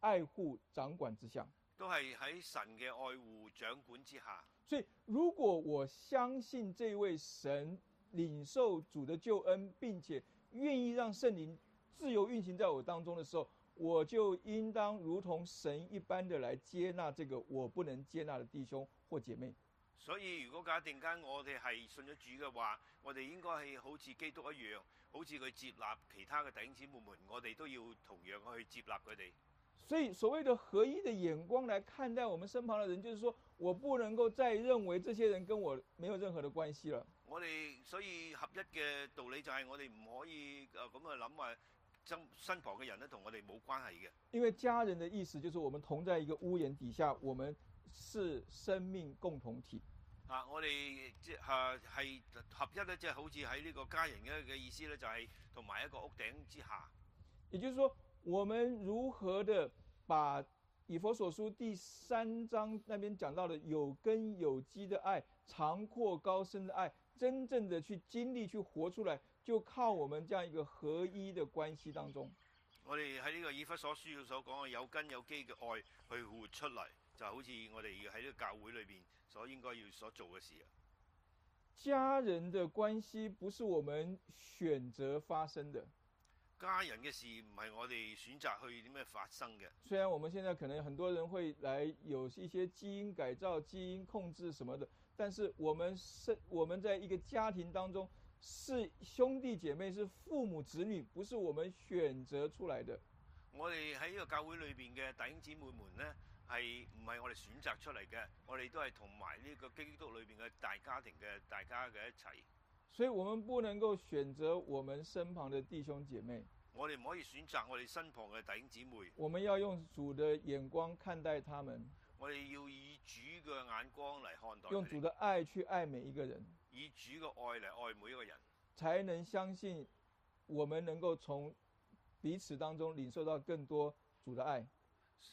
愛護掌管之下，都係喺神嘅愛護掌管之下。所以如果我相信這位神領受主的救恩，並且願意讓聖靈自由運行在我當中嘅時候，我就應當如同神一般的來接納這個我不能接納的弟兄或姐妹。所以如果假定間我哋係信咗主嘅話，我哋應該係好似基督一樣，好似佢接納其他嘅弟兄姊妹，我哋都要同樣去接納佢哋。所以所謂的合一的眼光來看待我們身旁嘅人，就是說我不能夠再認為這些人跟我沒有任何嘅關係啦。我哋所以合一嘅道理就係我哋唔可以咁去諗啊，身身旁嘅人咧同我哋冇關係嘅。因為家人的意思就是我們同在一個屋檐底下，我們是生命共同體。啊！我哋即係係合一咧，即係好似喺呢個家人嘅嘅意思咧，就係同埋一個屋頂之下。也就是說，我們如何的把《以弗所書》第三章那邊講到嘅「有根有基」嘅愛、長闊高深嘅愛，真正嘅去經歷、去活出來，就靠我們這樣一個合一嘅關係當中。嗯，我哋喺呢個《以弗所書》所講嘅有根有基嘅愛去活出嚟，就好似我哋喺呢個教會裏邊。所應該要所做嘅事，家人的關係不是我們選擇發生的，家人嘅事唔係我哋選擇去點咩發生嘅。雖然我們現在可能很多人會來有一些基因改造、基因控制什麼的，但是我們是我們在一個家庭當中，是兄弟姐妹，是父母子女，不是我們選擇出來的。我哋喺呢個教會裏邊嘅弟兄姊妹們咧。係唔係我哋選擇出嚟嘅？我哋都係同埋呢個基督裏邊嘅大家庭嘅大家嘅一齊。所以我們不能夠選擇我們身旁嘅弟兄姐妹。我哋唔可以選擇我哋身旁嘅弟兄姊妹。我們要用主嘅眼光看待他們。我哋要以主嘅眼光嚟看待佢哋。用主嘅愛去愛每一個人。以主嘅愛嚟愛每一個人，才能相信我們能夠從彼此當中領受到更多主嘅愛。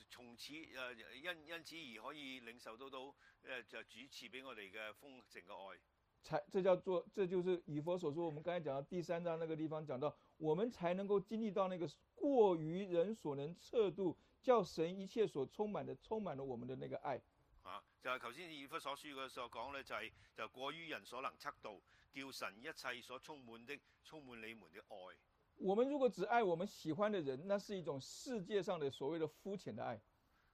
從此誒、呃、因因此而可以領受到到誒、呃、就主賜俾我哋嘅豐盛嘅愛，才這叫做這就是以弗所書，我們剛才講到第三章那個地方講到，我們才能夠經歷到那個過於人所能測度，叫神一切所充滿的充滿了我們的那個愛。啊，就係頭先以弗所書嘅所講咧，就係、是、就過於人所能測度，叫神一切所充滿的充滿你們的愛。我們如果只愛我們喜歡的人,那是一種世界上的所謂的膚淺的愛。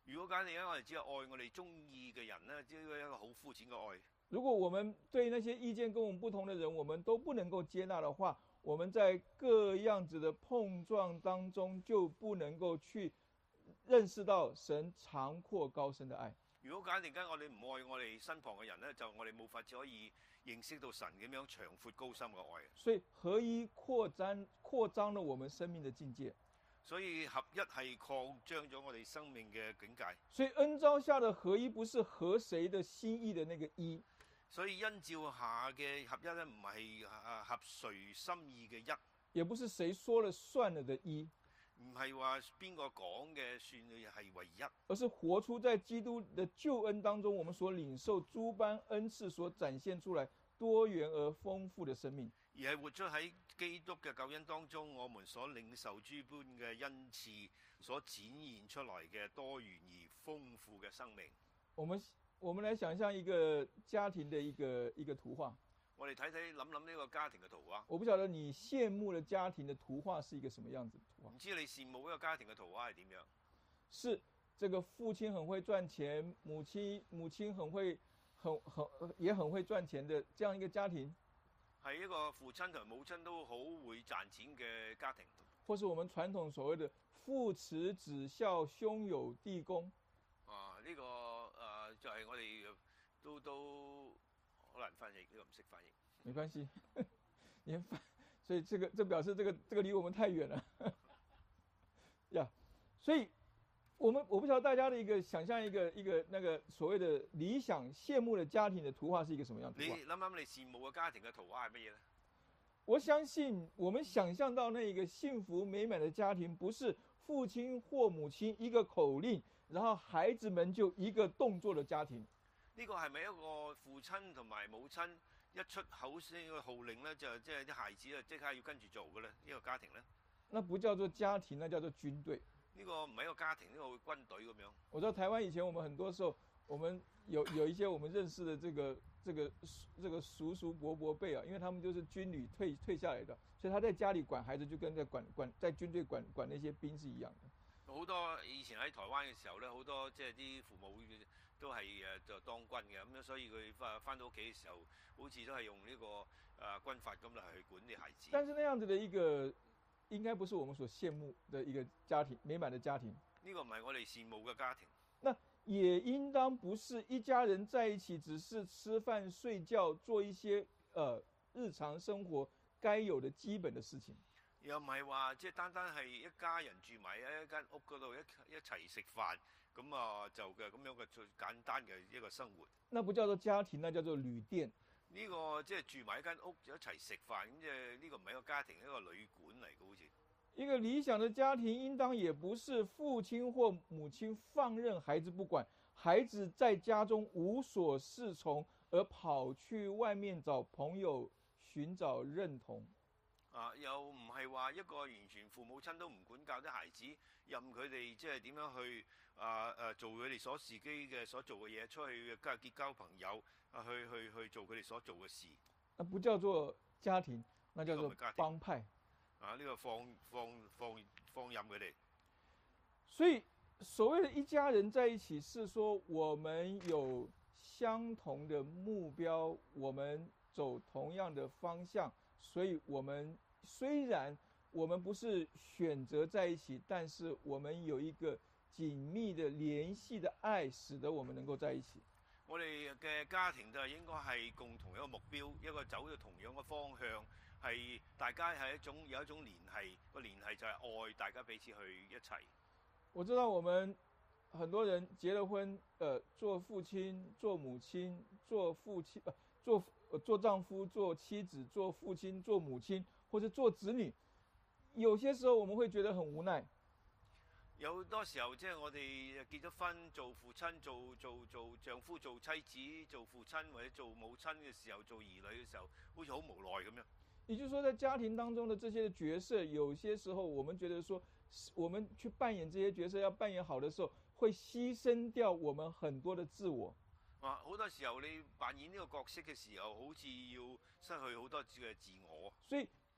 如果假如我哋只係愛我哋中意嘅人呢,只係一個好膚淺嘅愛。如果我們對那些意見跟我們不同的人,我們都不能夠接納的話,我們在各樣子的碰撞當中,就不能夠去認識到神長闊高深的愛。如果假如而家我哋唔愛我哋身旁嘅人呢,就我哋冇法子可以。認識到神咁樣長闊高深嘅愛，所以合一擴張擴張了我們生命嘅境界。所以合一係擴張咗我哋生命嘅境界。所以恩召下嘅合一不是合誰嘅心意嘅那個一，所以恩召下嘅合一咧唔係合誰心意嘅一，也不是誰說了算了嘅一。唔係話邊個講嘅算你係唯一，而是活出在基督的救恩當中，我們所領受諸般恩賜所展現出來多元而豐富的生命；而係活出喺基督嘅救恩當中，我們所領受諸般嘅恩賜所展現出來嘅多元而豐富嘅生命。我們我們來想象一個家庭的一個一個圖畫。我哋睇睇諗諗呢個家庭嘅圖畫。我不曉得你羨慕嘅家庭嘅圖畫是一個什麼樣子的圖畫。唔知你羨慕一個家庭嘅圖畫係點樣？是，這個父親很會賺錢，母親母親很會很很也很會賺錢的這樣一個家庭。係一個父親同母親都好會賺錢嘅家庭。或是我們傳統所謂的父慈子孝、兄友弟恭。啊，呢、這個誒、呃、就係、是、我哋都都。都好難翻譯，呢、這個唔識翻譯。沒關係，連翻，所以這個這表示這個這個離我們太遠了。呀，yeah, 所以我們我不知道大家的一個想象一個一個那個所謂的理想羨慕的家庭的圖畫是一個什麼樣子。你諗諗你羨慕嘅家庭嘅圖畫係咩嘢呢？我相信我們想象到那一個幸福美滿的家庭，不是父親或母親一個口令，然後孩子們就一個動作的家庭。呢個係咪一個父親同埋母親一出口先嘅號令咧？就即係啲孩子啊，即刻要跟住做嘅咧。呢個家庭咧，那不叫做家庭，那叫做軍隊。呢個唔係一個家庭，呢個會軍隊咁樣。我知道台灣以前，我們很多時候，我們有有一些我們認識嘅這個、這個、這個叔叔伯伯輩啊，因為他們就是軍旅退退下來嘅，所以他在家裡管孩子就跟在管管在軍隊管管那些兵是一樣嘅。好多以前喺台灣嘅時候咧，好多即係啲父母。都係誒就當軍嘅，咁樣所以佢返返到屋企嘅時候，好似都係用呢個誒軍法咁嚟去管啲孩子。但是呢樣子嘅一個，應該不是我們所羨慕嘅一個家庭，美滿嘅家庭。呢、這個唔係我哋羨慕嘅家庭。那也應當不是一家人在一起，只是吃飯、睡覺、做一些誒、呃、日常生活該有嘅基本嘅事情。又唔係話即係單單係一家人住埋喺一間屋嗰度一一齊食飯。咁啊，就嘅咁樣嘅最簡單嘅一個生活。那不叫做家庭，那叫做旅店。呢個即係住埋一間屋，就一齊食飯，咁，即係呢個唔係一個家庭，一個旅館嚟嘅好似。一個理想的家庭，應當也不是父親或母親放任孩子不管，孩子在家中無所適從而跑去外面找朋友尋找認同。啊！又唔係話一個完全父母親都唔管教啲孩子，任佢哋即係點樣去啊誒、啊、做佢哋所自己嘅所做嘅嘢，出去家結交朋友啊，去去去做佢哋所做嘅事。那、啊、不叫做家庭，那叫做幫派。家啊！呢、這個放放放放任佢哋。所以所謂的一家人在一起，是說我們有相同嘅目標，我們走同樣嘅方向，所以我們。雖然我們不是選擇在一起，但是我們有一個緊密的聯繫的愛，使得我們能夠在一起。我哋嘅家庭都係應該係共同一個目標，一個走咗同樣嘅方向，係大家係一種有一種聯繫，個聯繫就係愛，大家彼此去一齊。我知道我們很多人結咗婚，誒、呃，做父親、做母親、做父親、做做丈夫、做妻子、做父親、做母親。或者做子女，有些時候我們會覺得很無奈。有多時候即係、就是、我哋結咗婚，做父親、做做做丈夫、做妻子、做父親或者做母親嘅時候、做兒女嘅時候，好似好無奈咁樣。也就是說，在家庭當中的這些角色，有些時候我們覺得說，我們去扮演這些角色要扮演好的時候，會犧牲掉我們很多嘅自我。啊，好多時候你扮演呢個角色嘅時候，好似要失去好多自己嘅自我。所以。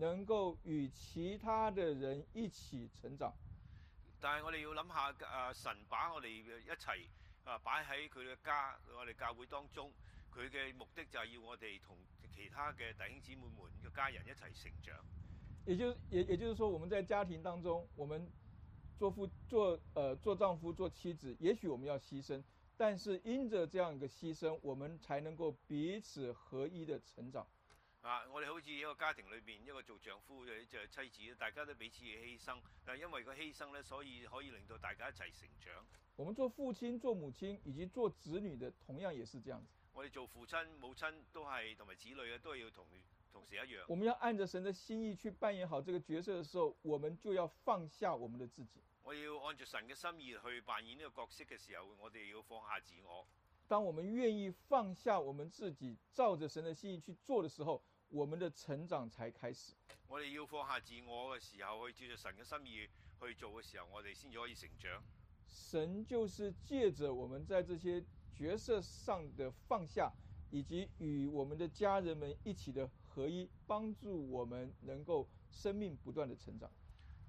能夠與其他的人一起成長，但係我哋要諗下，誒神把我哋一齊啊擺喺佢嘅家，我哋教會當中，佢嘅目的就係要我哋同其他嘅弟兄姊妹們嘅家人一齊成長。也就也、是、也就是說，我們在家庭當中，我們做夫做誒、呃、做丈夫做妻子，也許我們要犧牲，但是因着這樣一個犧牲，我們才能夠彼此合一的成長。啊！我哋好似一個家庭裏邊一個做丈夫嘅，就係妻子，大家都彼此嘅犧牲。但係因為佢犧牲咧，所以可以令到大家一齊成長。我們做父親、做母親以及做子女的，同樣也是這樣子。我哋做父親、母親都係同埋子女啊，都係要同同時一樣。我們要按着神的心意去扮演好這個角色嘅時候，我們就要放下我們的自己。我要按住神嘅心意去扮演呢個角色嘅時候，我哋要放下自我。當我們願意放下我們自己，照着神嘅心意去做的時候，我們的成長才開始，我哋要放下自我嘅時候，去照着神嘅心意去做嘅時候，我哋先至可以成長。神就是借着我們在這些角色上嘅放下，以及與我們的家人們一起的合一，幫助我們能夠生命不斷地成長。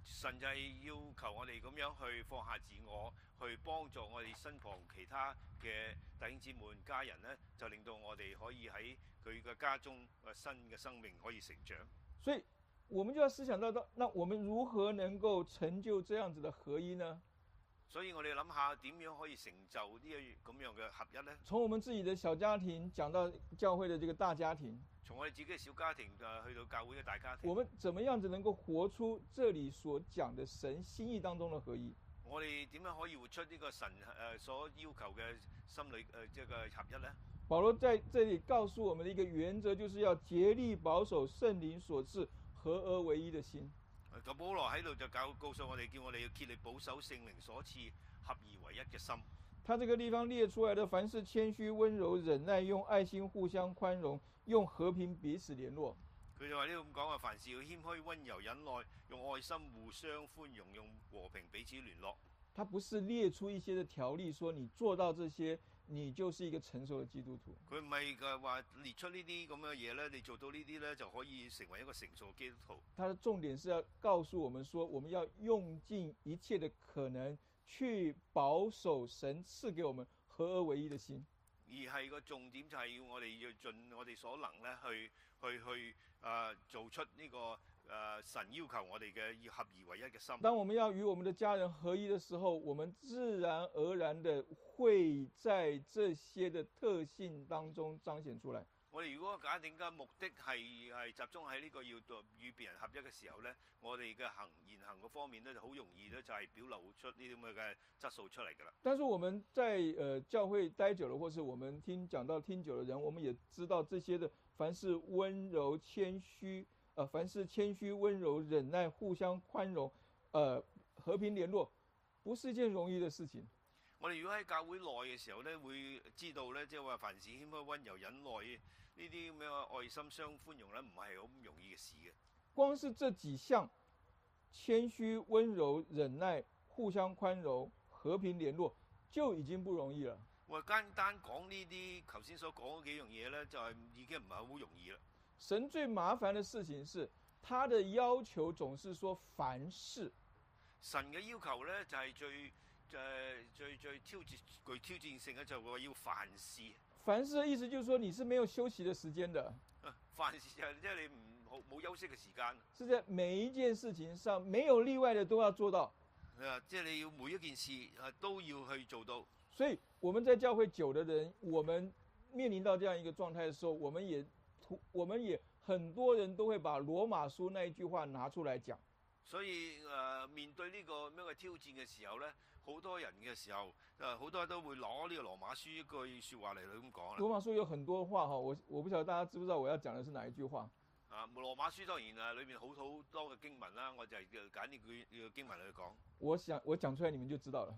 神就係要求我哋咁樣去放下自我。去幫助我哋身旁其他嘅弟兄姊妹、家人咧，就令到我哋可以喺佢嘅家中，個新嘅生命可以成長。所以，我們就要思想到，到那我們如何能夠成就這樣子嘅合一呢？所以我哋諗下點樣可以成就呢一咁樣嘅合一咧？從我們自己嘅小家庭講到教會嘅這個大家庭，從我哋自己嘅小家庭誒去到教會嘅大家庭，我們怎麼樣子能夠活出這裡所講嘅神心意當中嘅合一？我哋點樣可以活出呢個神誒所要求嘅心理誒即係個合一咧？保羅在這裏告訴我們的一個原則，就是要竭力保守聖靈所賜合而為一嘅心。咁保羅喺度就教告訴我哋，叫我哋要竭力保守聖靈所賜合而為一嘅心。他這個地方列出來嘅，凡事謙虛、溫柔、忍耐，用愛心互相寬容，用和平彼此聯絡。佢就話呢咁講嘅，凡事要謙虛、溫柔、忍耐，用愛心互相寬容，用和平彼此聯絡。他不是列出一些的條例，說你做到這些，你就是一個成熟的基督徒。佢唔係佢話列出呢啲咁嘅嘢咧，你做到呢啲咧就可以成為一個成熟嘅基督徒。他的重點是要告訴我們說，我們要用盡一切嘅可能去保守神賜給我們合而為一嘅心。而係個重點就係要盡我哋要盡我哋所能咧去。去去誒、呃，做出呢、這個誒、呃、神要求我哋嘅要合而為一嘅心。當我們要與我們的家人合一嘅時候，我們自然而然的會在這些嘅特性當中彰顯出來。我哋如果假定嘅目的係係集中喺呢個要與別人合一嘅時候咧，我哋嘅行言行嘅方面咧就好容易咧就係表露出呢啲咁嘅質素出嚟嘅啦。但是我們在誒、呃、教會待久了，或是我們聽講到聽久的人，我們也知道這些的。凡事溫柔謙虛，呃，凡事謙虛溫柔忍耐，互相寬容，呃，和平聯絡，不是一件容易的事情。我哋如果喺教會內嘅時候呢，會知道呢，即係話凡事謙虛溫柔忍耐呢啲咩啊，愛心相寬容呢，唔係好容易嘅事嘅。光是這幾項，謙虛溫柔忍耐，互相寬容，和平聯絡，就已經不容易了。我簡單講呢啲，頭先所講嗰幾樣嘢咧，就係、是、已經唔係好容易啦。神最麻煩嘅事情是，他的要求總是說凡事。神嘅要求咧就係、是、最誒最最，最挑戰具挑戰性嘅就話要凡事。凡事嘅意思就是說，你是沒有休息嘅時間的。 凡事即、啊、係、就是、你唔冇休息嘅時間，是在每一件事情上沒有例外嘅都要做到。啊，即、就、係、是、你要每一件事啊都要去做到，所以。我們在教會久的人，我們面臨到這樣一個狀態的時候，我們也，我們也很多人都會把羅馬書那一句話拿出來講。所以呃面對呢個咩嘅挑戰嘅時候咧，好多人嘅時候，誒好多人都會攞呢個羅馬書一句說話來嚟講。羅馬書有很多話哈，我我不曉得大家知不知道我要講嘅是哪一句話。啊，羅馬書當然誒，裏面好多好多嘅經文啦，我就係揀呢句經文來講。我想我講出來，你們就知道了。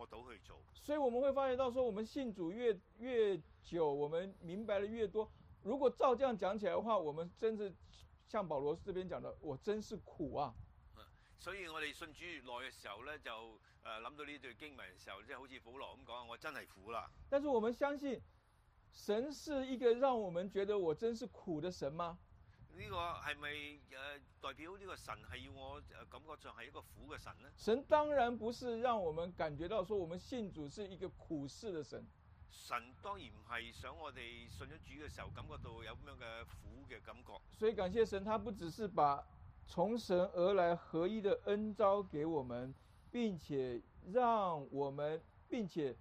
我都會做。所以我們會發現到，說我們信主越越久，我們明白的越多。如果照這樣講起來的話，我們真是像保羅這邊講的，我真是苦啊。嗯、所以我哋信主越耐嘅時候咧，就誒諗、呃、到呢段經文嘅時候，即、就、係、是、好似保羅咁講，我真係苦啦。但是我們相信，神是一個讓我們覺得我真是苦的神嗎？呢、這個係咪誒代表呢個神係要我誒、呃、感覺就係一個苦嘅神呢？神當然不是讓我們感覺到說我們信主是一個苦事的神。神當然唔係想我哋信咗主嘅時候感覺到有咁樣嘅苦嘅感覺。所以感謝神，他不只是把從神而來合一的恩召給我們，並且讓我們並且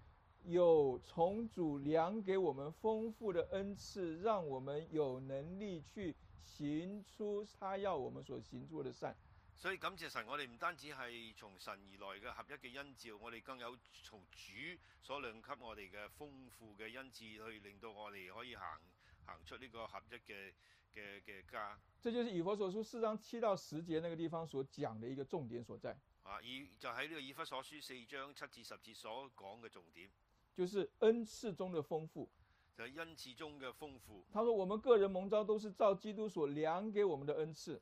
有從主量給我們豐富的恩賜，讓我們有能力去。行出他要我們所行出的善，所以感謝神，我哋唔單止係從神而來嘅合一嘅恩召，我哋更有從主所領給我哋嘅豐富嘅恩賜，去令到我哋可以行行出呢個合一嘅嘅嘅家。這就是《以弗所書》四章七到十節那個地方所講嘅一個重點所在啊，以就喺呢個《以弗所書》四章七至十節所講嘅重點，就是恩賜中的豐富。恩賜中嘅豐富，他說：我們個人蒙召都是照基督所量給我們的恩賜。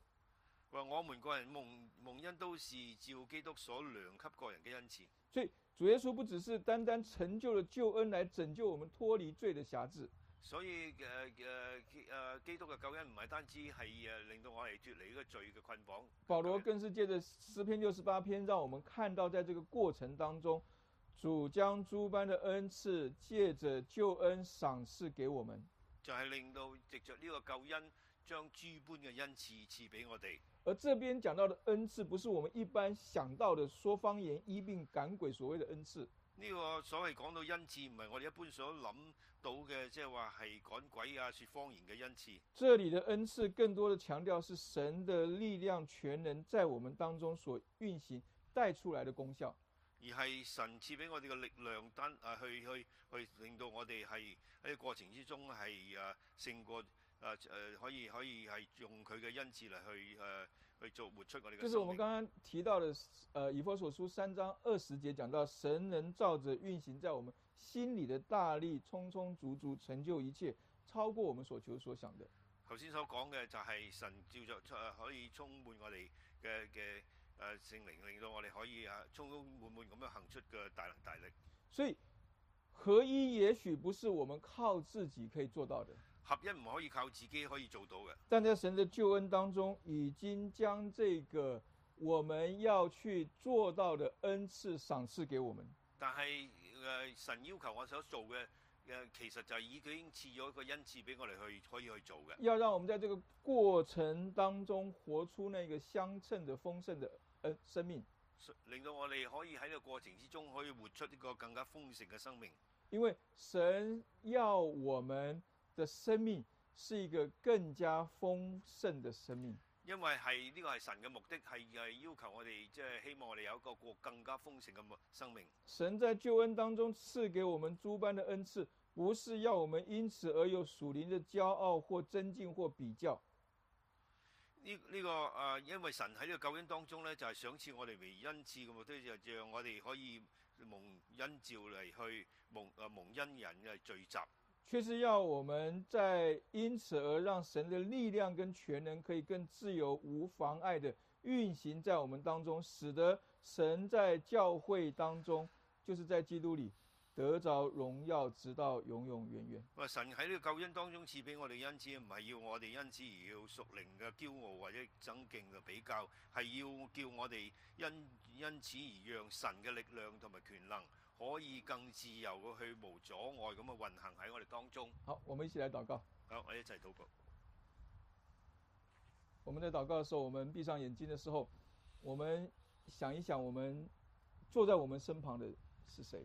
我話我們個人蒙蒙恩都是照基督所量給個人嘅恩賜。所以主耶穌不只是單單成就了救恩來拯救我們脫離罪的轄制。所以誒誒誒，基督嘅救恩唔係單止係誒令到我哋脫離呢個罪嘅捆綁。保羅更是借着詩篇六十八篇，讓我們看到在這個過程當中。主將諸般的恩賜借着救恩賞賜給我們，就係令到藉着呢個救恩，將諸般嘅恩賜賜俾我哋。而這邊講到的恩賜，不是我們一般想到的說方言、醫病、趕鬼所謂的恩賜。呢個所謂講到恩賜，唔係我哋一般所諗到嘅，即係話係趕鬼啊、說方言嘅恩賜。這裏的恩賜更多的強調是神的力量、全能在我們當中所運行帶出來的功效。而係神賜俾我哋嘅力量，單、呃、啊去去去令到我哋係喺過程之中係啊勝過啊誒、呃、可以可以係用佢嘅恩賜嚟去誒、啊、去做活出我哋。嘅。就是我們剛剛提到嘅，誒、呃、以弗所書三章二十節講到，神能照着運行在我們心裏嘅大力，充充足足成就一切，超過我們所求所想嘅。頭先所講嘅就係神照著、呃、可以充滿我哋嘅嘅。誒、呃，聖靈令到我哋可以啊，充充滿滿咁樣行出嘅大能大力。所以合一，也許不是我們靠自己可以做到嘅。合一唔可以靠自己可以做到嘅，但在神嘅救恩當中，已經將這個我們要去做到嘅恩賜賞賜給我們。但係、呃、神要求我所做嘅、呃、其實就係已經賜咗一個恩賜俾我哋去可以去做嘅。要讓我們在這個過程當中活出那個相稱嘅、豐盛嘅。嗯，生命令到我哋可以喺呢個過程之中可以活出一個更加豐盛嘅生命，因為神要我們嘅生命是一個更加豐盛嘅生命，因為係呢個係神嘅目的，係係要求我哋即係希望我哋有一個過更加豐盛嘅生命。神在救恩當中賜給我們諸般嘅恩賜，唔係要我哋因此而有屬靈嘅驕傲或尊敬或比較。呢呢個誒，因為神喺呢個救恩當中咧，就係賞賜我哋為恩賜嘅目的，就讓我哋可以蒙恩召嚟去蒙誒蒙恩人嘅聚集。確實要我們在因此而讓神的力量跟全能可以更自由、無妨礙地運行在我們當中，使得神在教會當中，就是在基督裏。得着榮耀，直到永永遠遠。喂，神喺呢個救恩當中賜俾我哋恩賜，唔係要我哋因此而要屬靈嘅驕傲或者爭競嘅比較，係要叫我哋因因此而讓神嘅力量同埋權能可以更自由去無阻礙咁啊運行喺我哋當中。好，我哋一起來禱告。好，我哋一齊禱告。我哋喺禱告嘅時候，我哋閉上眼睛嘅時候，我哋想一想我，我哋坐在我哋身旁嘅是誰？